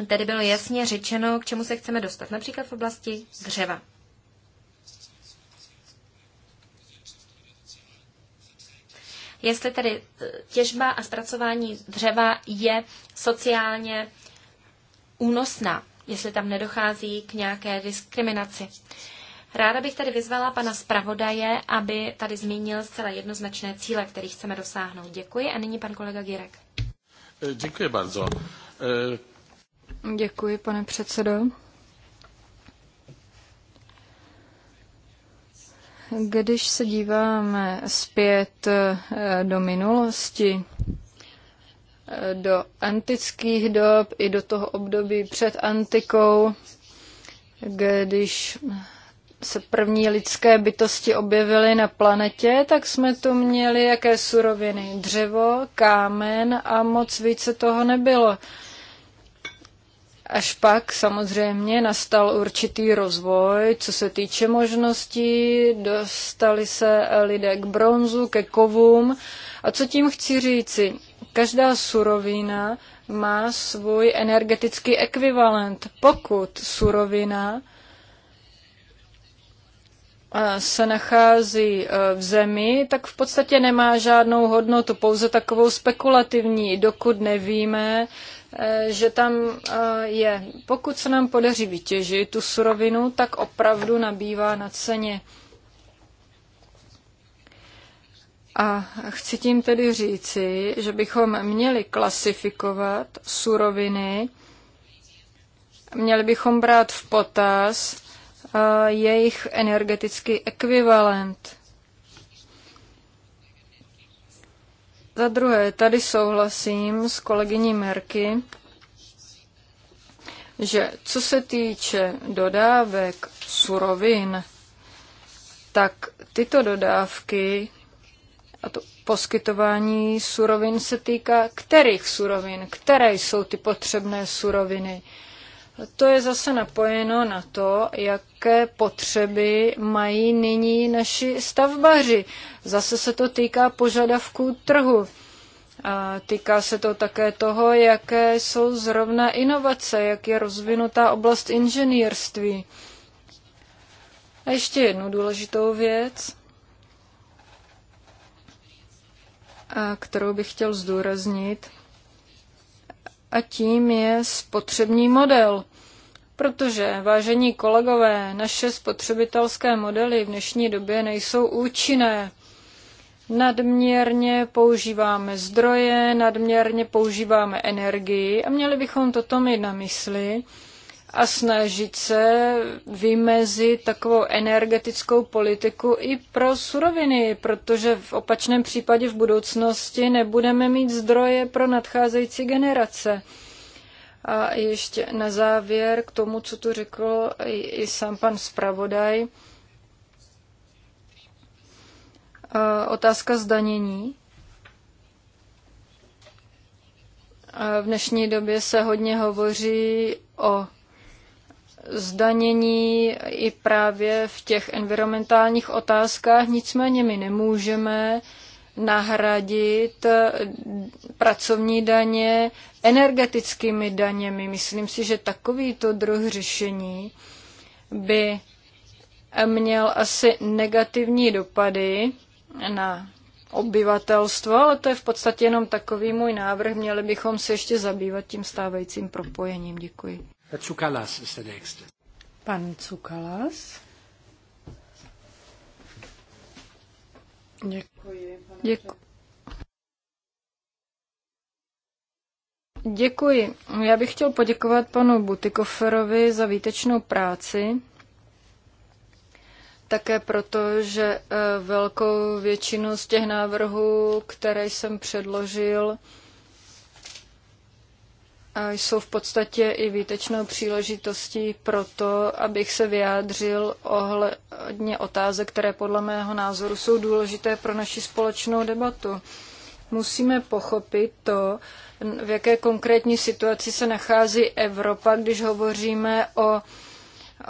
tady bylo jasně řečeno, k čemu se chceme dostat, například v oblasti dřeva. jestli tedy e, těžba a zpracování dřeva je sociálně únosná, jestli tam nedochází k nějaké diskriminaci. Ráda bych tady vyzvala pana zpravodaje, aby tady zmínil zcela jednoznačné cíle, které chceme dosáhnout. Děkuji a nyní pan kolega Girek. E, děkuji bardzo. E, děkuji, pane předsedo. Když se díváme zpět eh, do minulosti, eh, do antických dob i do toho období před antikou, když se první lidské bytosti objevily na planetě, tak jsme tu měli jaké suroviny? Dřevo, kámen a moc více toho nebylo. Až pak samozřejmě nastal určitý rozvoj, co se týče možností, dostali se lidé k bronzu, ke kovům. A co tím chci říci? Každá surovina má svůj energetický ekvivalent. Pokud surovina eh, se nachází eh, v zemi, tak v podstatě nemá žádnou hodnotu, pouze takovou spekulativní, dokud nevíme, Eh, že tam eh, je, pokud se nám podaří vytěžit tu surovinu, tak opravdu nabývá na ceně. A chci tím tedy říci, že bychom měli klasifikovat suroviny, měli bychom brát v potaz eh, jejich energetický ekvivalent. Za druhé, tady souhlasím s kolegyní Merky, že co se týče dodávek surovin, tak tyto dodávky a to poskytování surovin se týká kterých surovin, které jsou ty potřebné suroviny. To je zase napojeno na to, jaké potřeby mají nyní naši stavbaři. Zase se to týká požadavků trhu. A týká se to také toho, jaké jsou zrovna inovace, jak je rozvinutá oblast inženýrství. A ještě jednu důležitou věc, kterou bych chtěl zdůraznit a tím je spotřební model. Protože, vážení kolegové, naše spotřebitelské modely v dnešní době nejsou účinné. Nadměrně používáme zdroje, nadměrně používáme energii a měli bychom toto mít na mysli, a snažit se vymezit takovou energetickou politiku i pro suroviny, protože v opačném případě v budoucnosti nebudeme mít zdroje pro nadcházející generace. A ještě na závěr k tomu, co tu řekl i, i sám pan zpravodaj. Otázka zdanění. V dnešní době se hodně hovoří o zdanění i právě v těch environmentálních otázkách, nicméně my nemůžeme nahradit pracovní daně energetickými daněmi. Myslím si, že takovýto druh řešení by měl asi negativní dopady na obyvatelstvo, ale to je v podstatě jenom takový můj návrh. Měli bychom se ještě zabývat tím stávajícím propojením. Děkuji ist der Nächste. Pan Zukalas, Děkuji. Děkuji. Děkuji. Já bych chtěl poděkovat panu Butikoferovi za výtečnou práci. Také proto, že eh, velkou většinu z těch návrhů, které jsem předložil, jsou v podstatě i výtečnou příležitostí pro to, abych se vyjádřil ohledně otázek, které podle mého názoru jsou důležité pro naši společnou debatu. Musíme pochopit to, v jaké konkrétní situaci se nachází Evropa, když hovoříme o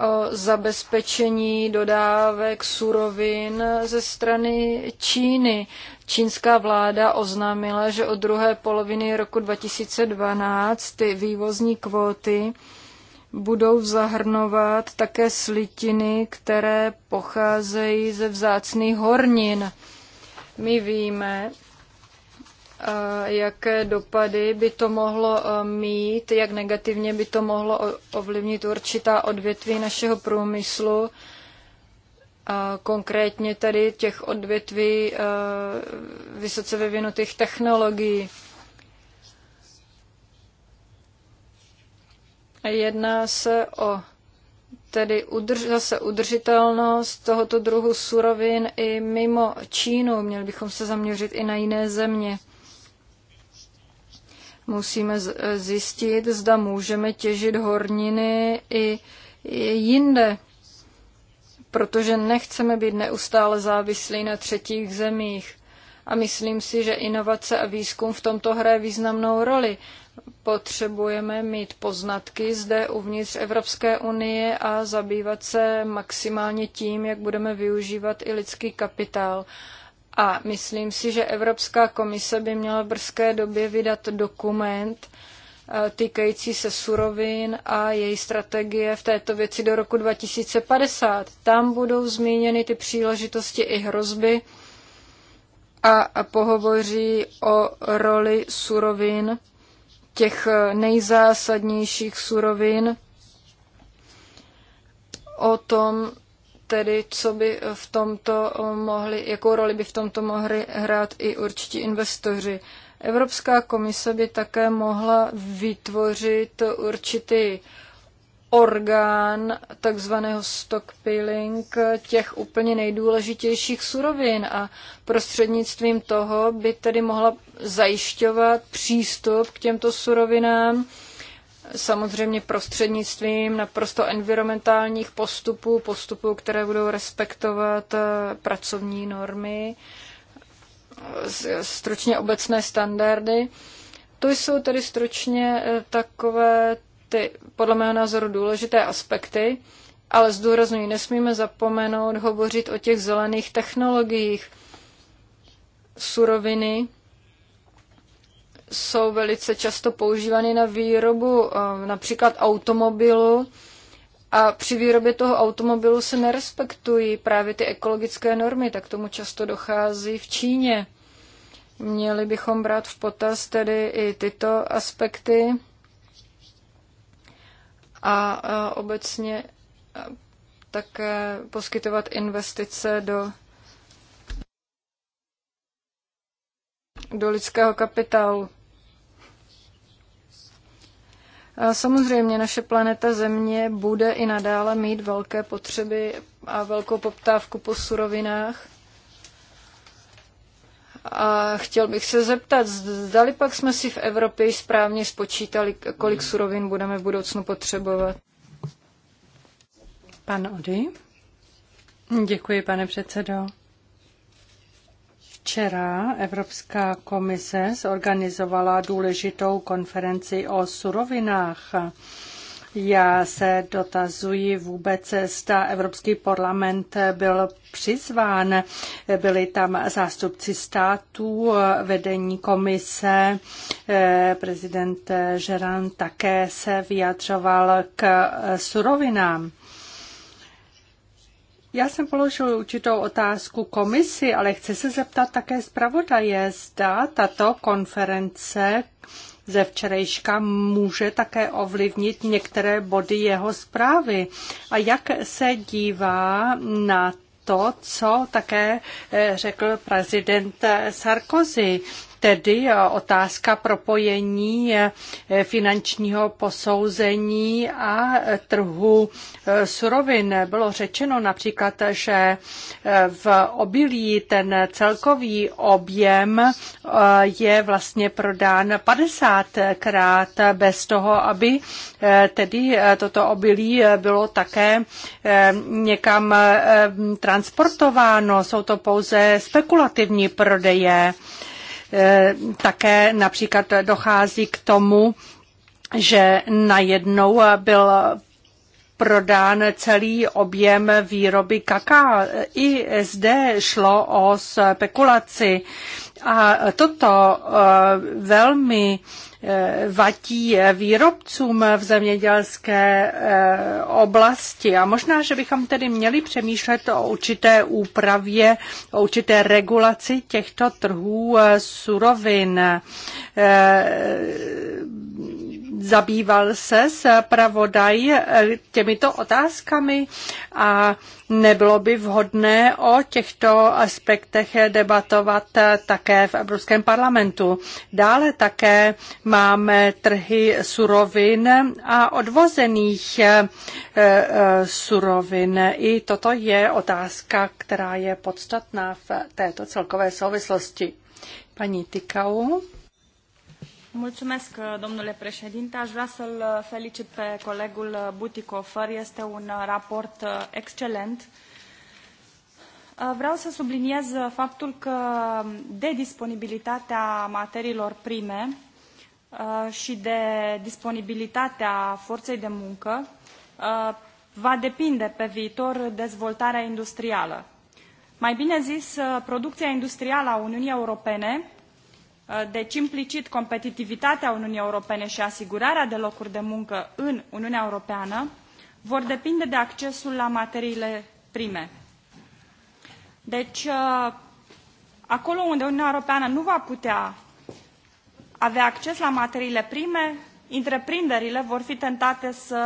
o zabezpečení dodávek surovin ze strany Číny. Čínská vláda oznámila, že od druhé poloviny roku 2012 ty vývozní kvóty budou zahrnovat také slitiny, které pocházejí ze vzácných hornin. My víme, jaké dopady by to mohlo mít, jak negativně by to mohlo ovlivnit určitá odvětví našeho průmyslu konkrétně tedy těch odvětví eh, vysoce vyvinutých technologií. Jedná se o tedy udrž, zase udržitelnost tohoto druhu surovin i mimo Čínu. Měli bychom se zaměřit i na jiné země. Musíme zjistit, zda můžeme těžit horniny i jinde protože nechceme být neustále závislí na třetích zemích. A myslím si, že inovace a výzkum v tomto hraje významnou roli. Potřebujeme mít poznatky zde uvnitř Evropské unie a zabývat se maximálně tím, jak budeme využívat i lidský kapitál. A myslím si, že Evropská komise by měla v brzké době vydat dokument, Eh, týkající se surovin a její strategie v této věci do roku 2050. Tam budou zmíněny ty příležitosti i hrozby a pohovoří o roli surovin, těch nejzásadnějších surovin, o tom, tedy, co by v tomto mohli, jakou roli by v tomto mohli hrát i určití investoři. Evropská komise by také mohla vytvořit určitý orgán takzvaného stockpiling těch úplně nejdůležitějších surovin a prostřednictvím toho by tedy mohla zajišťovat přístup k těmto surovinám, samozřejmě prostřednictvím naprosto environmentálních postupů, postupů, které budou respektovat eh, pracovní normy stručně obecné standardy. To jsou tedy stručně eh, takové ty, podle mého názoru, důležité aspekty, ale zdůraznuju, nesmíme zapomenout hovořit o těch zelených technologiích. Suroviny jsou velice často používány na výrobu eh, například automobilu, a při výrobě toho automobilu se nerespektují právě ty ekologické normy, tak tomu často dochází v Číně. Měli bychom brát v potaz tedy i tyto aspekty a obecně také poskytovat investice do, do lidského kapitálu. A samozřejmě naše planeta Země bude i nadále mít velké potřeby a velkou poptávku po surovinách. A chtěl bych se zeptat, zdali pak jsme si v Evropě správně spočítali, kolik surovin budeme v budoucnu potřebovat? Pan Ody. Děkuji, pane předsedo. Včera Evropská komise zorganizovala důležitou konferenci o surovinách. Já se dotazuji vůbec, zda Evropský parlament byl přizván. Byli tam zástupci států, vedení komise, prezident Žeran také se vyjadřoval k surovinám. Já jsem položil určitou otázku komisi, ale chci se zeptat také zpravodaje, zda tato konference ze včerejška může také ovlivnit některé body jeho zprávy. A jak se dívá na to, co také eh, řekl prezident Sarkozy tedy otázka propojení eh, finančního posouzení a eh, trhu eh, surovin. Bylo řečeno například, že v obilí ten celkový objem je vlastně prodán 50krát bez toho, aby tedy toto obilí bylo také někam transportováno. Jsou to pouze spekulativní prodeje. Eh, také například dochází k tomu, že najednou byl prodán celý objem výroby kaká. I zde šlo o spekulaci. A toto eh, velmi vadí výrobcům v zemědělské eh, oblasti. A možná, že bychom tedy měli přemýšlet o určité úpravě, o určité regulaci těchto trhů eh, surovin eh, zabýval se s pravodaj eh, těmito otázkami a nebylo by vhodné o těchto aspektech debatovat eh, také v Evropském parlamentu. Dále také máme trhy surovin a odvozených eh, surovin. I toto je otázka, která je podstatná v této celkové souvislosti. Paní Tikau. Mulțumesc, uh, domnule președinte. Aș vrea să-l uh, felicit pe colegul uh, Buticofer. Este un raport excelent. Vreau să subliniez faptul că um, de disponibilitatea materiilor prime și de disponibilitatea forței de muncă va depinde pe viitor dezvoltarea industrială. Mai bine zis, producția industrială a Uniunii Europene Eh, deci, implicit, competitivitatea Uniunii Europene și asigurarea de locuri de muncă în Uniunea Europeană vor depinde de accesul la materiile prime. Deci, eh, acolo unde Uniunea Europeană nu va putea avea acces la materiile prime, întreprinderile vor fi tentate să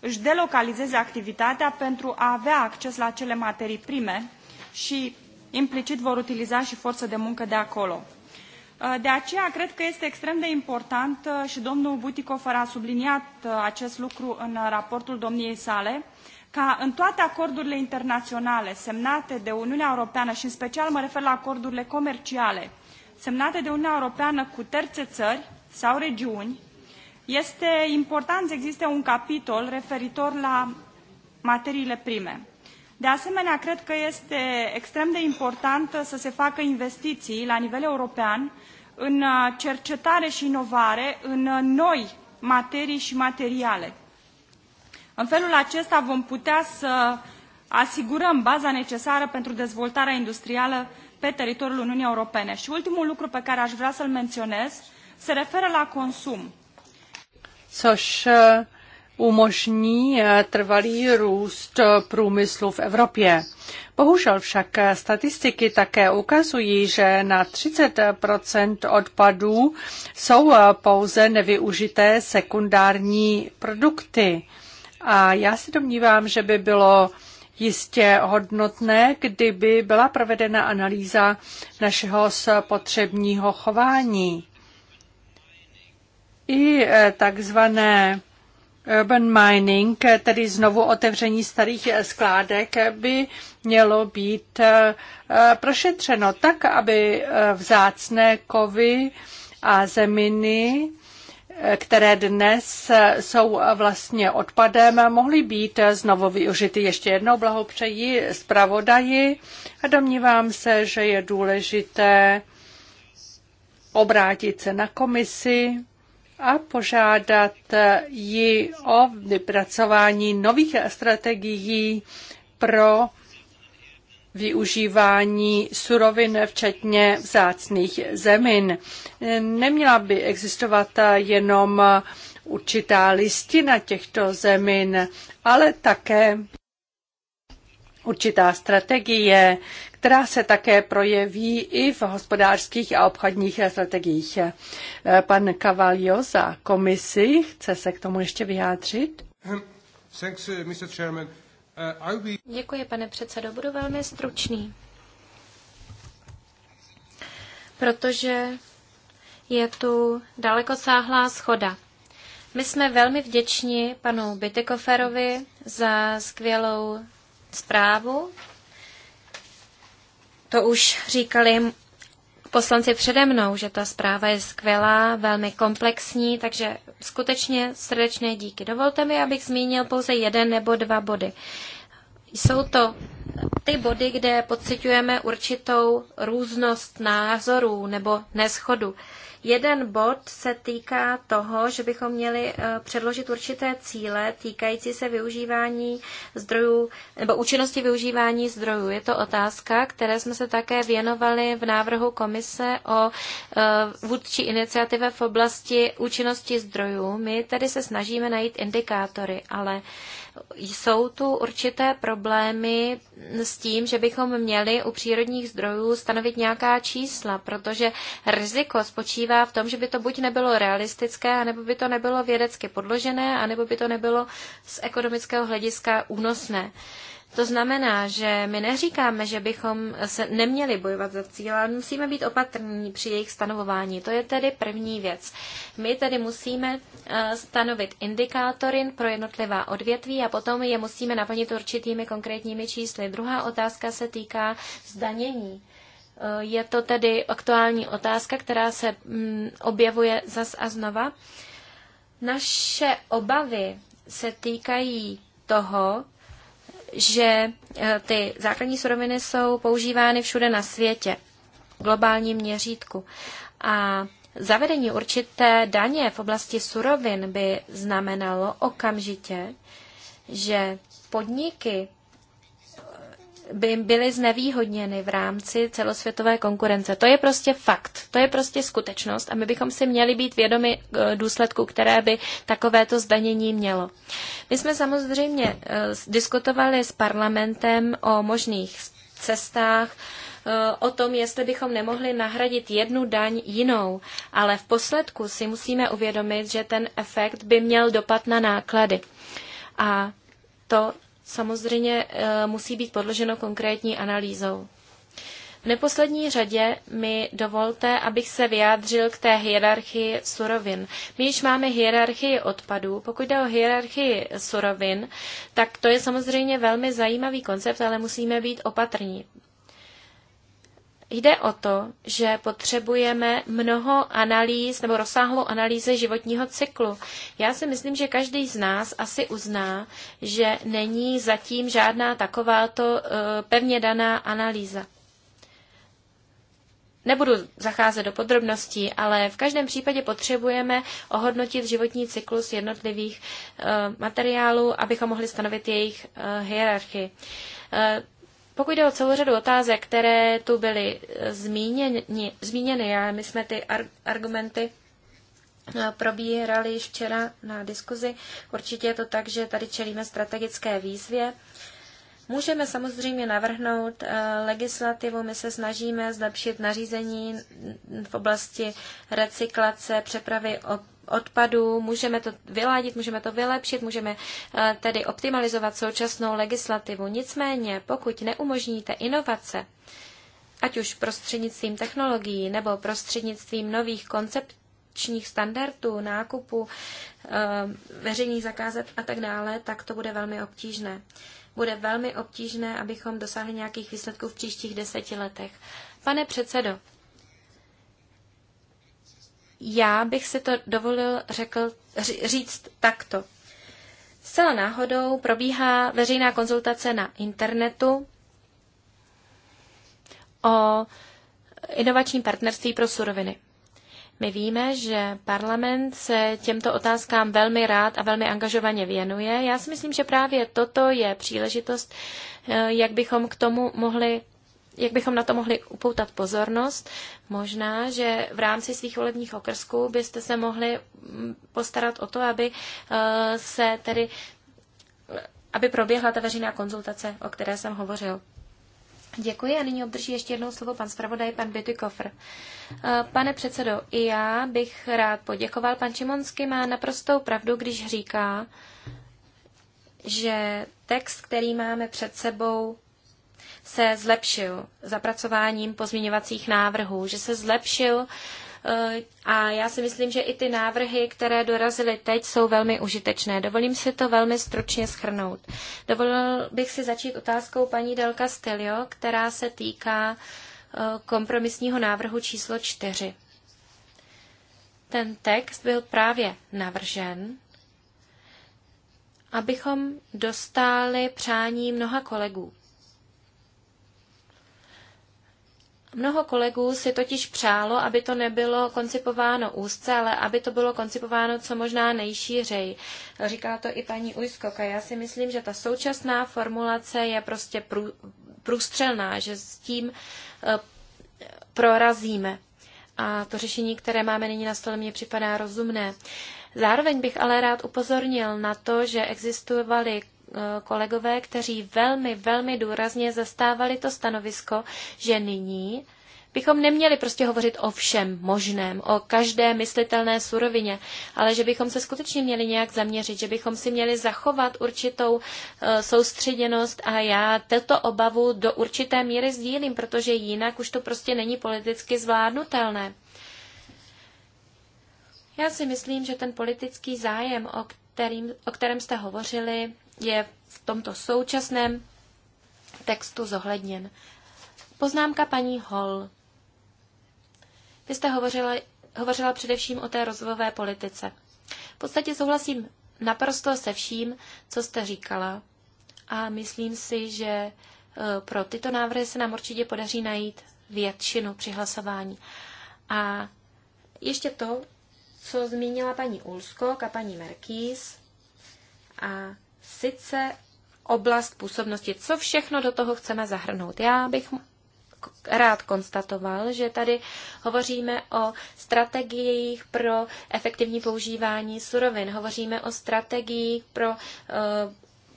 își delocalizeze activitatea pentru a avea acces la acele materii prime și implicit vor utiliza și forță de muncă de acolo. Uh, de aceea, cred că este extrem de important uh, și domnul Buticofer a subliniat uh, acest lucru în raportul domniei sale, ca în toate acordurile internaționale semnate de Uniunea Europeană și în special mă refer la acordurile comerciale semnate de Uniunea Europeană cu terțe țări sau regiuni, este important să existe un capitol referitor la materiile prime. De asemenea, cred că este extrem de important să se facă investiții la nivel european în uh, cercetare și inovare în uh, noi materii și materiale. În felul acesta vom putea să asigurăm baza necesară pentru dezvoltarea industrială pe teritoriul Uniunii Europene. Și ultimul lucru pe care aș vrea să-l menționez se referă la consum. Což uh, umožní eh, trvalý růst eh, průmyslu v Evropě. Bohužel však eh, statistiky také ukazují, že na 30 odpadů jsou pouze nevyužité sekundární produkty. A já se domnívám, že by bylo jistě hodnotné, kdyby byla provedena analýza našeho spotřebního chování. I takzvané Urban mining, tedy znovu otevření starých skládek, by mělo být eh, prošetřeno tak, aby eh, vzácné kovy a zeminy eh, které dnes jsou vlastně odpadem, mohly být znovu využity. Ještě jednou blahopřeji zpravodaji a domnívám se, že je důležité obrátit se na komisi a požádat ji o vypracování nových strategií pro využívání surovin, včetně vzácných zemin. Neměla by existovat jenom určitá listina těchto zemin, ale také určitá strategie, která se také projeví i v hospodářských a obchodních strategiích. Pan Cavalio za komisi chce se k tomu ještě vyjádřit. Uh, uh, Děkuji, pane předsedo. Budu velmi stručný, protože je tu sáhlá schoda. My jsme velmi vděční panu Bytekoferovi za skvělou zprávu. To už říkali poslanci přede mnou, že ta zpráva je skvělá, velmi komplexní, takže skutečně srdečné díky. Dovolte mi, abych zmínil pouze jeden nebo dva body. Jsou to ty body, kde pociťujeme určitou různost názorů nebo neschodu. Uh, Jeden bod se týká toho, že bychom měli eh, předložit určité cíle týkající se využívání zdrojů nebo účinnosti využívání zdrojů. Je to otázka, které jsme se také věnovali v návrhu komise o eh, vůdčí iniciativě v oblasti účinnosti zdrojů. My tedy se snažíme najít indikátory, ale jsou tu určité problémy s tím, že bychom měli u přírodních zdrojů stanovit nějaká čísla, protože riziko spočívá v tom, že by to buď nebylo realistické, anebo by to nebylo vědecky podložené, anebo by to nebylo z ekonomického hlediska únosné. Uh, to znamená, že my neříkáme, že bychom se neměli bojovat za cíle, ale musíme být opatrní při jejich stanovování. To je tedy první věc. My tedy musíme eh, stanovit indikátory pro jednotlivá odvětví a potom je musíme naplnit určitými konkrétními čísly. Druhá otázka se týká zdanění. Eh, je to tedy aktuální otázka, která se mm, objevuje zas a znova. Naše obavy se týkají toho, že e, ty základní suroviny jsou používány všude na světě, v globálním měřítku. A zavedení určité daně v oblasti surovin by znamenalo okamžitě, že podniky, by byly znevýhodněny v rámci celosvětové konkurence. To je prostě fakt, to je prostě skutečnost a my bychom si měli být vědomi eh, důsledku, které by takovéto zdanění mělo. My jsme samozřejmě eh, diskutovali s parlamentem o možných cestách, eh, o tom, jestli bychom nemohli nahradit jednu daň jinou. Ale v posledku si musíme uvědomit, že ten efekt by měl dopad na náklady. A to samozřejmě eh, musí být podloženo konkrétní analýzou. V neposlední řadě mi dovolte, abych se vyjádřil k té hierarchii surovin. My již máme hierarchii odpadů. Pokud jde o hierarchii surovin, tak to je samozřejmě velmi zajímavý koncept, ale musíme být opatrní. Jde o to, že potřebujeme mnoho analýz nebo rozsáhlou analýze životního cyklu. Já si myslím, že každý z nás asi uzná, že není zatím žádná takováto eh, pevně daná analýza. Nebudu zacházet do podrobností, ale v každém případě potřebujeme ohodnotit životní cyklus jednotlivých eh, materiálů, abychom mohli stanovit jejich eh, hierarchii. Pokud jde o celou řadu otázek, které tu byly eh, zmíněni, zmíněny, a my jsme ty arg- argumenty eh, probírali již včera na diskuzi, určitě je to tak, že tady čelíme strategické výzvě. Můžeme samozřejmě navrhnout eh, legislativu, my se snažíme zlepšit nařízení v oblasti recyklace, přepravy odpadů, můžeme to vyladit, můžeme to vylepšit, můžeme eh, tedy optimalizovat současnou legislativu. Nicméně, pokud neumožníte inovace, ať už prostřednictvím technologií nebo prostřednictvím nových konceptů, standardů, nákupu, eh, veřejných zakázek a tak dále, tak to bude velmi obtížné. Bude velmi obtížné, abychom dosáhli nějakých výsledků v příštích deseti letech. Pane předsedo, já bych si to dovolil řekl, říct takto. Zcela náhodou probíhá veřejná konzultace na internetu o inovačním partnerství pro suroviny. My víme, že parlament se těmto otázkám velmi rád a velmi angažovaně věnuje. Já si myslím, že právě toto je příležitost, eh, jak bychom k tomu mohli jak bychom na to mohli upoutat pozornost. Možná, že v rámci svých volebních okrsků byste se mohli mm, postarat o to, aby eh, se tedy aby proběhla ta veřejná konzultace, o které jsem hovořil. Děkuji a nyní obdrží ještě jednou slovo pan zpravodaj, pan Bytykofr. Eh, pane předsedo, i já bych rád poděkoval. Pan Čimonsky má naprostou pravdu, když říká, že text, který máme před sebou, se zlepšil zapracováním pozměňovacích návrhů, že se zlepšil eh, a já si myslím, že i ty návrhy, které dorazily teď, jsou velmi užitečné. Dovolím si to velmi stručně schrnout. Dovolil bych si začít otázkou paní Del Castillo, která se týká eh, kompromisního návrhu číslo 4. Ten text byl právě navržen, abychom dostali přání mnoha kolegů. Mnoho kolegů si totiž přálo, aby to nebylo koncipováno úzce, ale aby to bylo koncipováno co možná nejšířej. říká to i paní Ujskoka. Já si myslím, že ta současná formulace je prostě prů, průstřelná, že s tím eh, prorazíme. A to řešení, které máme nyní na stole, mě připadá rozumné. Zároveň bych ale rád upozornil na to, že existovaly kolegové, kteří velmi, velmi důrazně zastávali to stanovisko, že nyní bychom neměli prostě hovořit o všem možném, o každé myslitelné surovině, ale že bychom se skutečně měli nějak zaměřit, že bychom si měli zachovat určitou e, soustředěnost a já tuto obavu do určité míry sdílím, protože jinak už to prostě není politicky zvládnutelné. Já si myslím, že ten politický zájem, o, kterým, o kterém jste hovořili, je v tomto současném textu zohledněn. Poznámka paní Hall. Vy jste hovořila, hovořila především o té rozvojové politice. V podstatě souhlasím naprosto se vším, co jste říkala a myslím si, že e, pro tyto návrhy se nám určitě podaří najít většinu při hlasování. A ještě to, co zmínila paní Ulskok a paní Merkýs a sice oblast působnosti, co všechno do toho chceme zahrnout. Já bych rád konstatoval, že tady hovoříme o strategiích pro efektivní používání surovin, hovoříme o strategiích pro uh,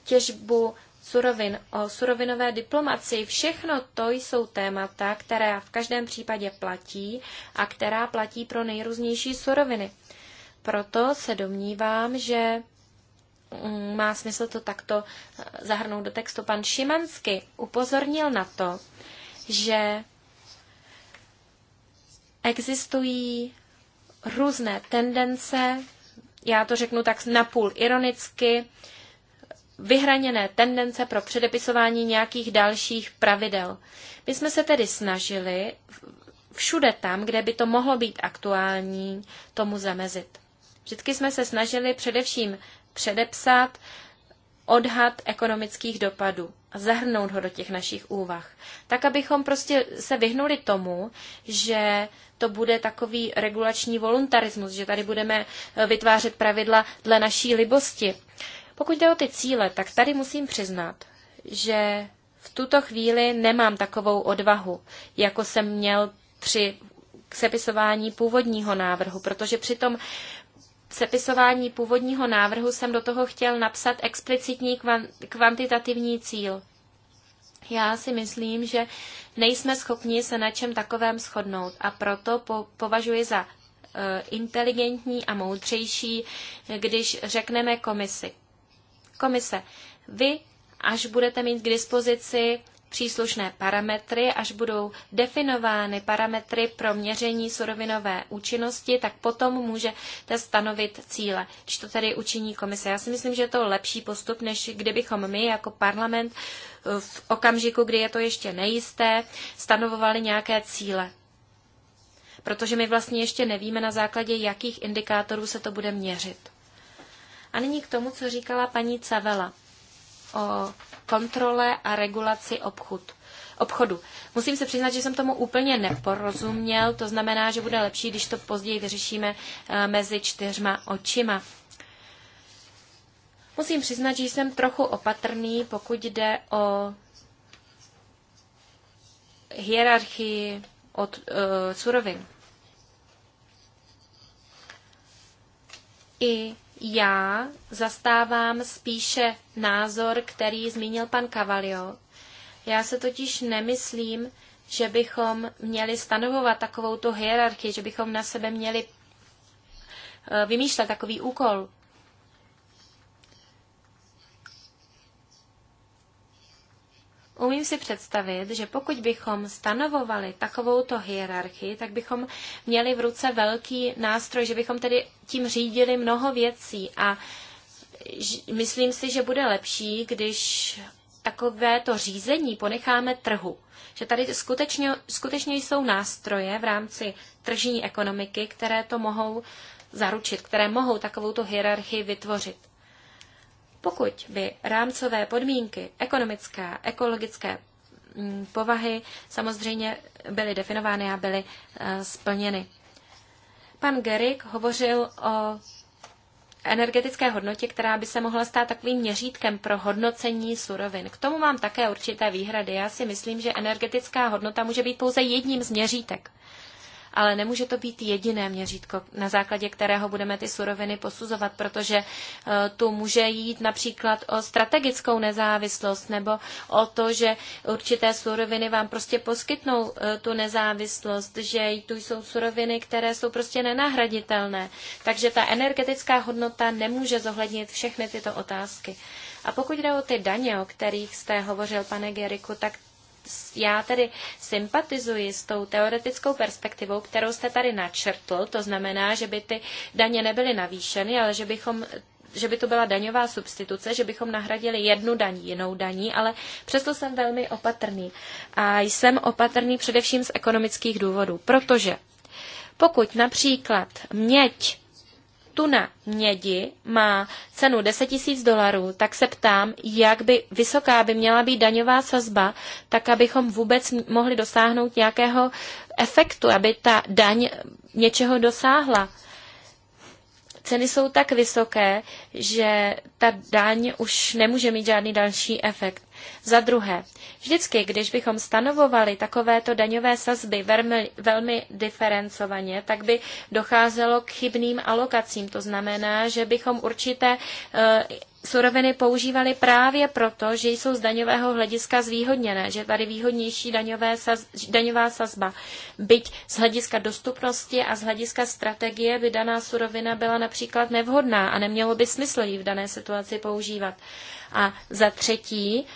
těžbu surovin, o surovinové diplomaci. Všechno to jsou témata, která v každém případě platí a která platí pro nejrůznější suroviny. Proto se domnívám, že má smysl to takto eh, zahrnout do textu. Pan Šimansky upozornil na to, že existují různé tendence, já to řeknu tak napůl ironicky, vyhraněné tendence pro předepisování nějakých dalších pravidel. My jsme se tedy snažili všude tam, kde by to mohlo být aktuální, tomu zamezit. Vždycky jsme se snažili především předepsat odhad ekonomických dopadů a zahrnout ho do těch našich úvah. Tak, abychom prostě se vyhnuli tomu, že to bude takový regulační voluntarismus, že tady budeme eh, vytvářet pravidla dle naší libosti. Pokud jde o ty cíle, tak tady musím přiznat, že v tuto chvíli nemám takovou odvahu, jako jsem měl při k sepisování původního návrhu, protože při tom sepisování původního návrhu jsem do toho chtěl napsat explicitní kvantitativní cíl. Já si myslím, že nejsme schopni se na čem takovém shodnout a proto po, považuji za e, inteligentní a moudřejší, když řekneme komisi. Komise, vy, až budete mít k dispozici příslušné parametry, až budou definovány parametry pro měření surovinové účinnosti, tak potom můžete stanovit cíle, když to tedy učiní komise. Já si myslím, že je to lepší postup, než kdybychom my jako parlament eh, v okamžiku, kdy je to ještě nejisté, stanovovali nějaké cíle. Protože my vlastně ještě nevíme, na základě jakých indikátorů se to bude měřit. A nyní k tomu, co říkala paní Cavela o kontrole a regulaci obchod, obchodu. Musím se přiznat, že jsem tomu úplně neporozuměl, to znamená, že bude lepší, když to později vyřešíme eh, mezi čtyřma očima. Musím přiznat, že jsem trochu opatrný, pokud jde o hierarchii od uh, surovin. I já zastávám spíše názor, který zmínil pan Kavalio. Já se totiž nemyslím, že bychom měli stanovovat takovou tu hierarchii, že bychom na sebe měli eh, vymýšlet takový úkol. Umím si představit, že pokud bychom stanovovali takovouto hierarchii, tak bychom měli v ruce velký nástroj, že bychom tedy tím řídili mnoho věcí a myslím si, že bude lepší, když takové to řízení ponecháme trhu. Že tady skutečně, skutečně jsou nástroje v rámci tržní ekonomiky, které to mohou zaručit, které mohou takovouto hierarchii vytvořit. Pokud by rámcové podmínky ekonomické, ekologické mm, povahy samozřejmě byly definovány a byly eh, splněny. Pan Gerik hovořil o energetické hodnotě, která by se mohla stát takovým měřítkem pro hodnocení surovin. K tomu mám také určité výhrady. Já si myslím, že energetická hodnota může být pouze jedním z měřítek ale nemůže to být jediné měřítko, na základě kterého budeme ty suroviny posuzovat, protože eh, tu může jít například o strategickou nezávislost nebo o to, že určité suroviny vám prostě poskytnou eh, tu nezávislost, že tu jsou suroviny, které jsou prostě nenahraditelné. Takže ta energetická hodnota nemůže zohlednit všechny tyto otázky. A pokud jde o ty daně, o kterých jste hovořil, pane Geriku, tak já tedy sympatizuji s tou teoretickou perspektivou, kterou jste tady načrtl, to znamená, že by ty daně nebyly navýšeny, ale že bychom že by to byla daňová substituce, že bychom nahradili jednu daní jinou daní, ale přesto jsem velmi opatrný. A jsem opatrný především z ekonomických důvodů, protože pokud například měď tuna mědi má cenu 10 000 dolarů, tak se ptám, jak by vysoká by měla být daňová sazba, tak abychom vůbec mohli dosáhnout nějakého efektu, aby ta daň něčeho dosáhla. Ceny jsou tak vysoké, že ta daň už nemůže mít žádný další efekt. Za druhé, vždycky, když bychom stanovovali takovéto daňové sazby velmi, velmi diferencovaně, tak by docházelo k chybným alokacím. To znamená, že bychom určité eh, suroviny používali právě proto, že jsou z daňového hlediska zvýhodněné, že tady výhodnější daňové saz, daňová sazba. Byť z hlediska dostupnosti a z hlediska strategie by daná surovina byla například nevhodná a nemělo by smysl ji v dané situaci používat. A za třetí,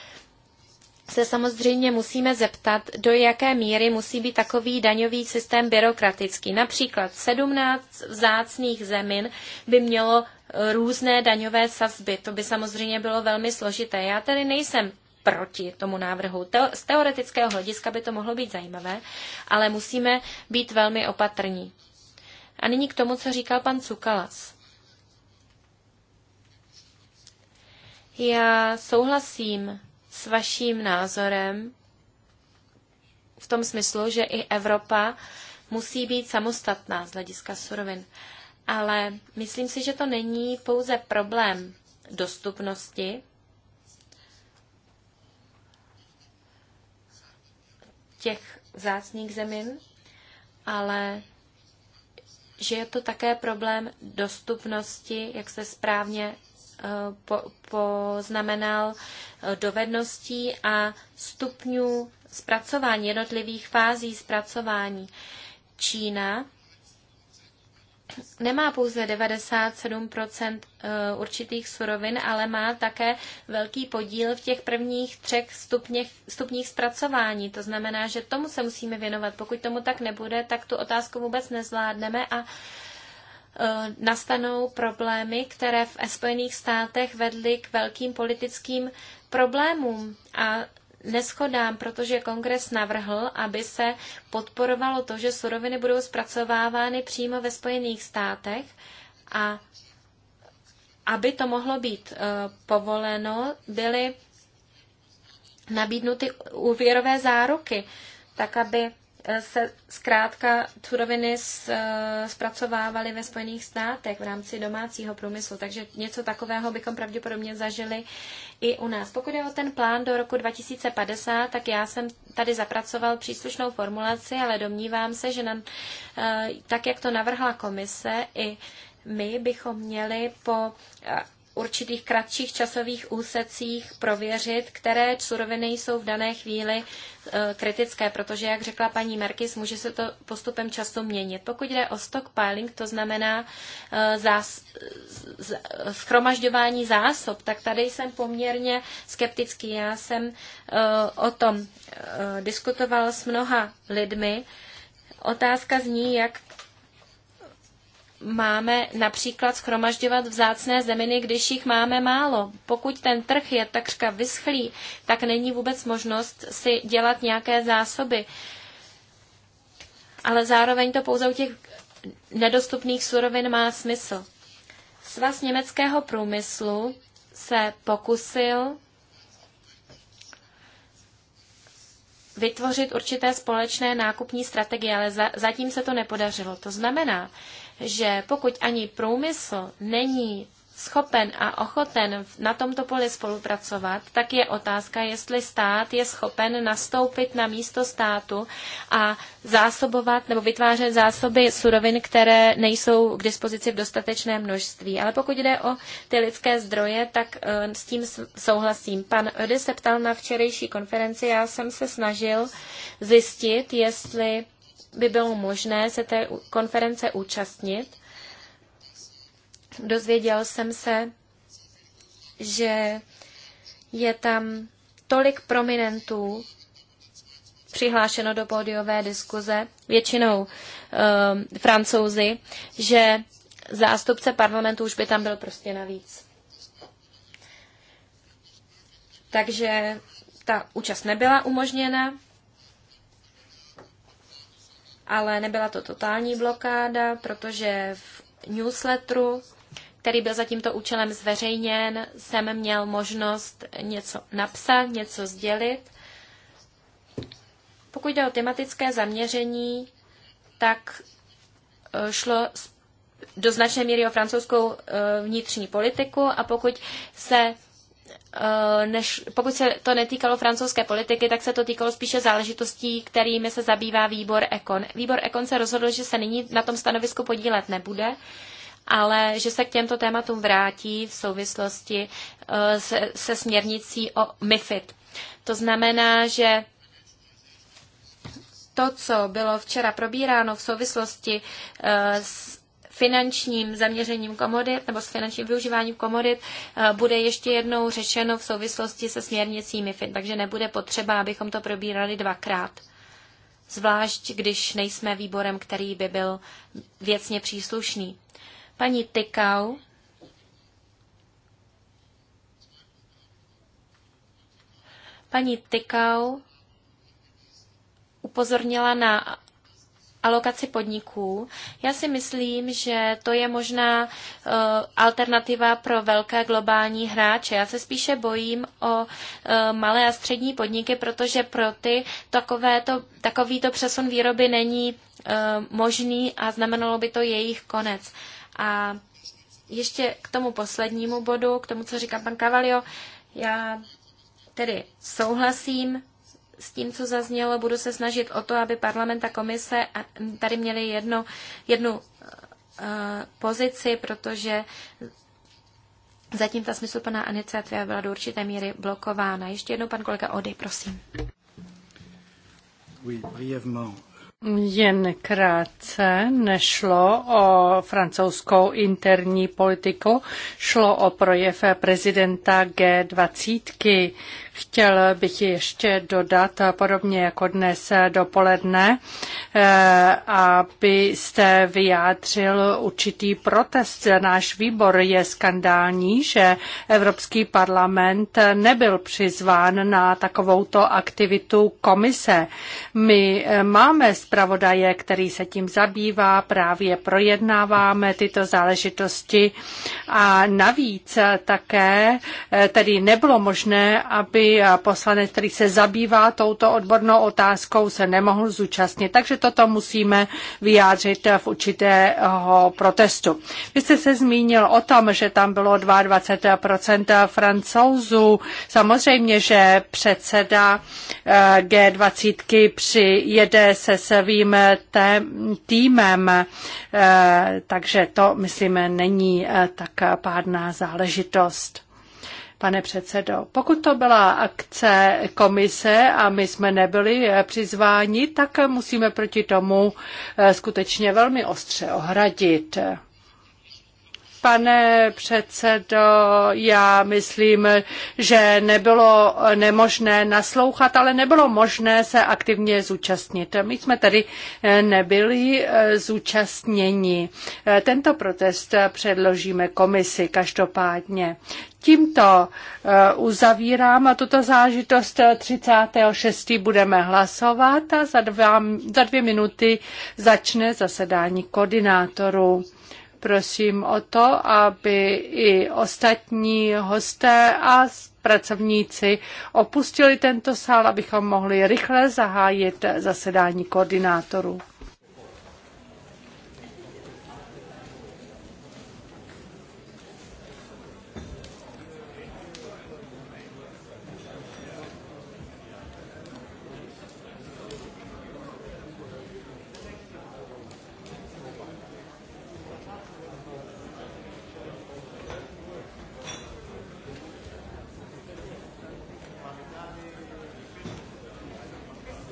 se samozřejmě musíme zeptat, do jaké míry musí být takový daňový systém byrokratický. Například 17 vzácných zemin by mělo eh, různé daňové sazby. To by samozřejmě bylo velmi složité. Já tedy nejsem proti tomu návrhu. Z teoretického hlediska by to mohlo být zajímavé, ale musíme být velmi opatrní. A nyní k tomu, co říkal pan Cukalas. Já souhlasím s vaším názorem v tom smyslu, že i Evropa musí být samostatná z hlediska surovin. Ale myslím si, že to není pouze problém dostupnosti těch zácných zemin, ale že je to také problém dostupnosti, jak se správně po, poznamenal eh, dovedností a stupňů zpracování, jednotlivých fází zpracování. Čína nemá pouze 97 eh, určitých surovin, ale má také velký podíl v těch prvních třech stupněch, stupních zpracování. To znamená, že tomu se musíme věnovat. Pokud tomu tak nebude, tak tu otázku vůbec nezvládneme a Eh, nastanou problémy, které v Spojených státech vedly k velkým politickým problémům a neschodám, protože kongres navrhl, aby se podporovalo to, že suroviny budou zpracovávány přímo ve Spojených státech a aby to mohlo být eh, povoleno, byly nabídnuty úvěrové záruky, tak aby Eh, se zkrátka suroviny eh, zpracovávaly ve Spojených státech v rámci domácího průmyslu, takže něco takového bychom pravděpodobně zažili i u nás. Pokud je o ten plán do roku 2050, tak já jsem tady zapracoval příslušnou formulaci, ale domnívám se, že nám, eh, tak, jak to navrhla komise, i my bychom měli po určitých kratších časových úsecích prověřit, které suroviny jsou v dané chvíli e, kritické, protože, jak řekla paní Merkis, může se to postupem času měnit. Pokud jde o stockpiling, to znamená e, zás, z, schromažďování zásob, tak tady jsem poměrně skeptický. Já jsem e, o tom diskutoval s mnoha lidmi. Otázka zní, jak máme například schromažďovat vzácné zeminy, když jich máme málo. Pokud ten trh je takřka vyschlý, tak není vůbec možnost si dělat nějaké zásoby. Ale zároveň to pouze u těch nedostupných surovin má smysl. Svaz německého průmyslu se pokusil vytvořit určité společné nákupní strategie, ale za, zatím se to nepodařilo. To znamená, že pokud ani průmysl není schopen a ochoten na tomto poli spolupracovat, tak je otázka, jestli stát je schopen nastoupit na místo státu a zásobovat nebo vytvářet zásoby surovin, které nejsou k dispozici v dostatečné množství. Ale pokud jde o ty lidské zdroje, tak eh, s tím souhlasím. Pan Ody se ptal na včerejší konferenci, já jsem se snažil zjistit, jestli by bylo možné se té konference účastnit. Dozvěděl jsem se, že je tam tolik prominentů přihlášeno do pódiové diskuze, většinou um, francouzi, že zástupce parlamentu už by tam byl prostě navíc. Takže ta účast nebyla umožněna ale nebyla to totální blokáda, protože v newsletteru, který byl za tímto účelem zveřejněn, jsem měl možnost něco napsat, něco sdělit. Pokud jde o tematické zaměření, tak eh, šlo do značné míry o francouzskou eh, vnitřní politiku a pokud se Eh, než, pokud se to netýkalo francouzské politiky, tak se to týkalo spíše záležitostí, kterými se zabývá výbor Ekon. Výbor Ekon se rozhodl, že se nyní na tom stanovisku podílet nebude, ale že se k těmto tématům vrátí v souvislosti eh, se, se směrnicí o MIFID. To znamená, že to, co bylo včera probíráno v souvislosti eh, s finančním zaměřením komodit nebo s finančním využíváním komodit eh, bude ještě jednou řešeno v souvislosti se směrnicí MIFID, takže nebude potřeba, abychom to probírali dvakrát. Zvlášť, když nejsme výborem, který by byl věcně příslušný. Paní Tykau Paní Tykau upozornila na alokaci podniků. Já si myslím, že to je možná uh, alternativa pro velké globální hráče. Já se spíše bojím o uh, malé a střední podniky, protože pro ty takovéto, takovýto přesun výroby není uh, možný a znamenalo by to jejich konec. A ještě k tomu poslednímu bodu, k tomu, co říká pan Cavalio, já tedy souhlasím s tím, co zaznělo, budu se snažit o to, aby parlament a komise tady měli jedno, jednu eh, pozici, protože zatím ta smysluplná iniciativa byla do určité míry blokována. Ještě jednou pan kolega Ody, prosím. Jen krátce nešlo o francouzskou interní politiku, šlo o projev prezidenta G20. Chtěl bych ještě dodat, podobně jako dnes dopoledne, eh, abyste vyjádřil určitý protest. Náš výbor je skandální, že Evropský parlament nebyl přizván na takovouto aktivitu komise. My eh, máme zpravodaje, který se tím zabývá, právě projednáváme tyto záležitosti a navíc také eh, tedy nebylo možné, aby Děkuji. Poslanec, který se zabývá touto odbornou otázkou, se nemohl zúčastnit, takže toto musíme vyjádřit v určitého protestu. Vy jste se zmínil o tom, že tam bylo 22% francouzů. Samozřejmě, že předseda eh, G20 přijede se svým týmem, eh, takže to, myslím, není eh, tak pádná záležitost. Pane předsedo, pokud to byla akce komise a my jsme nebyli eh, přizváni, tak musíme proti tomu eh, skutečně velmi ostře ohradit. Pane předsedo, já myslím, že nebylo nemožné naslouchat, ale nebylo možné se aktivně zúčastnit. My jsme tady eh, nebyli eh, zúčastněni. Eh, tento protest předložíme komisi každopádně. Tímto uzavírám tuto zážitost. 36. budeme hlasovat a za, dva, za dvě minuty začne zasedání koordinátorů. Prosím o to, aby i ostatní hosté a pracovníci opustili tento sál, abychom mohli rychle zahájit zasedání koordinátorů.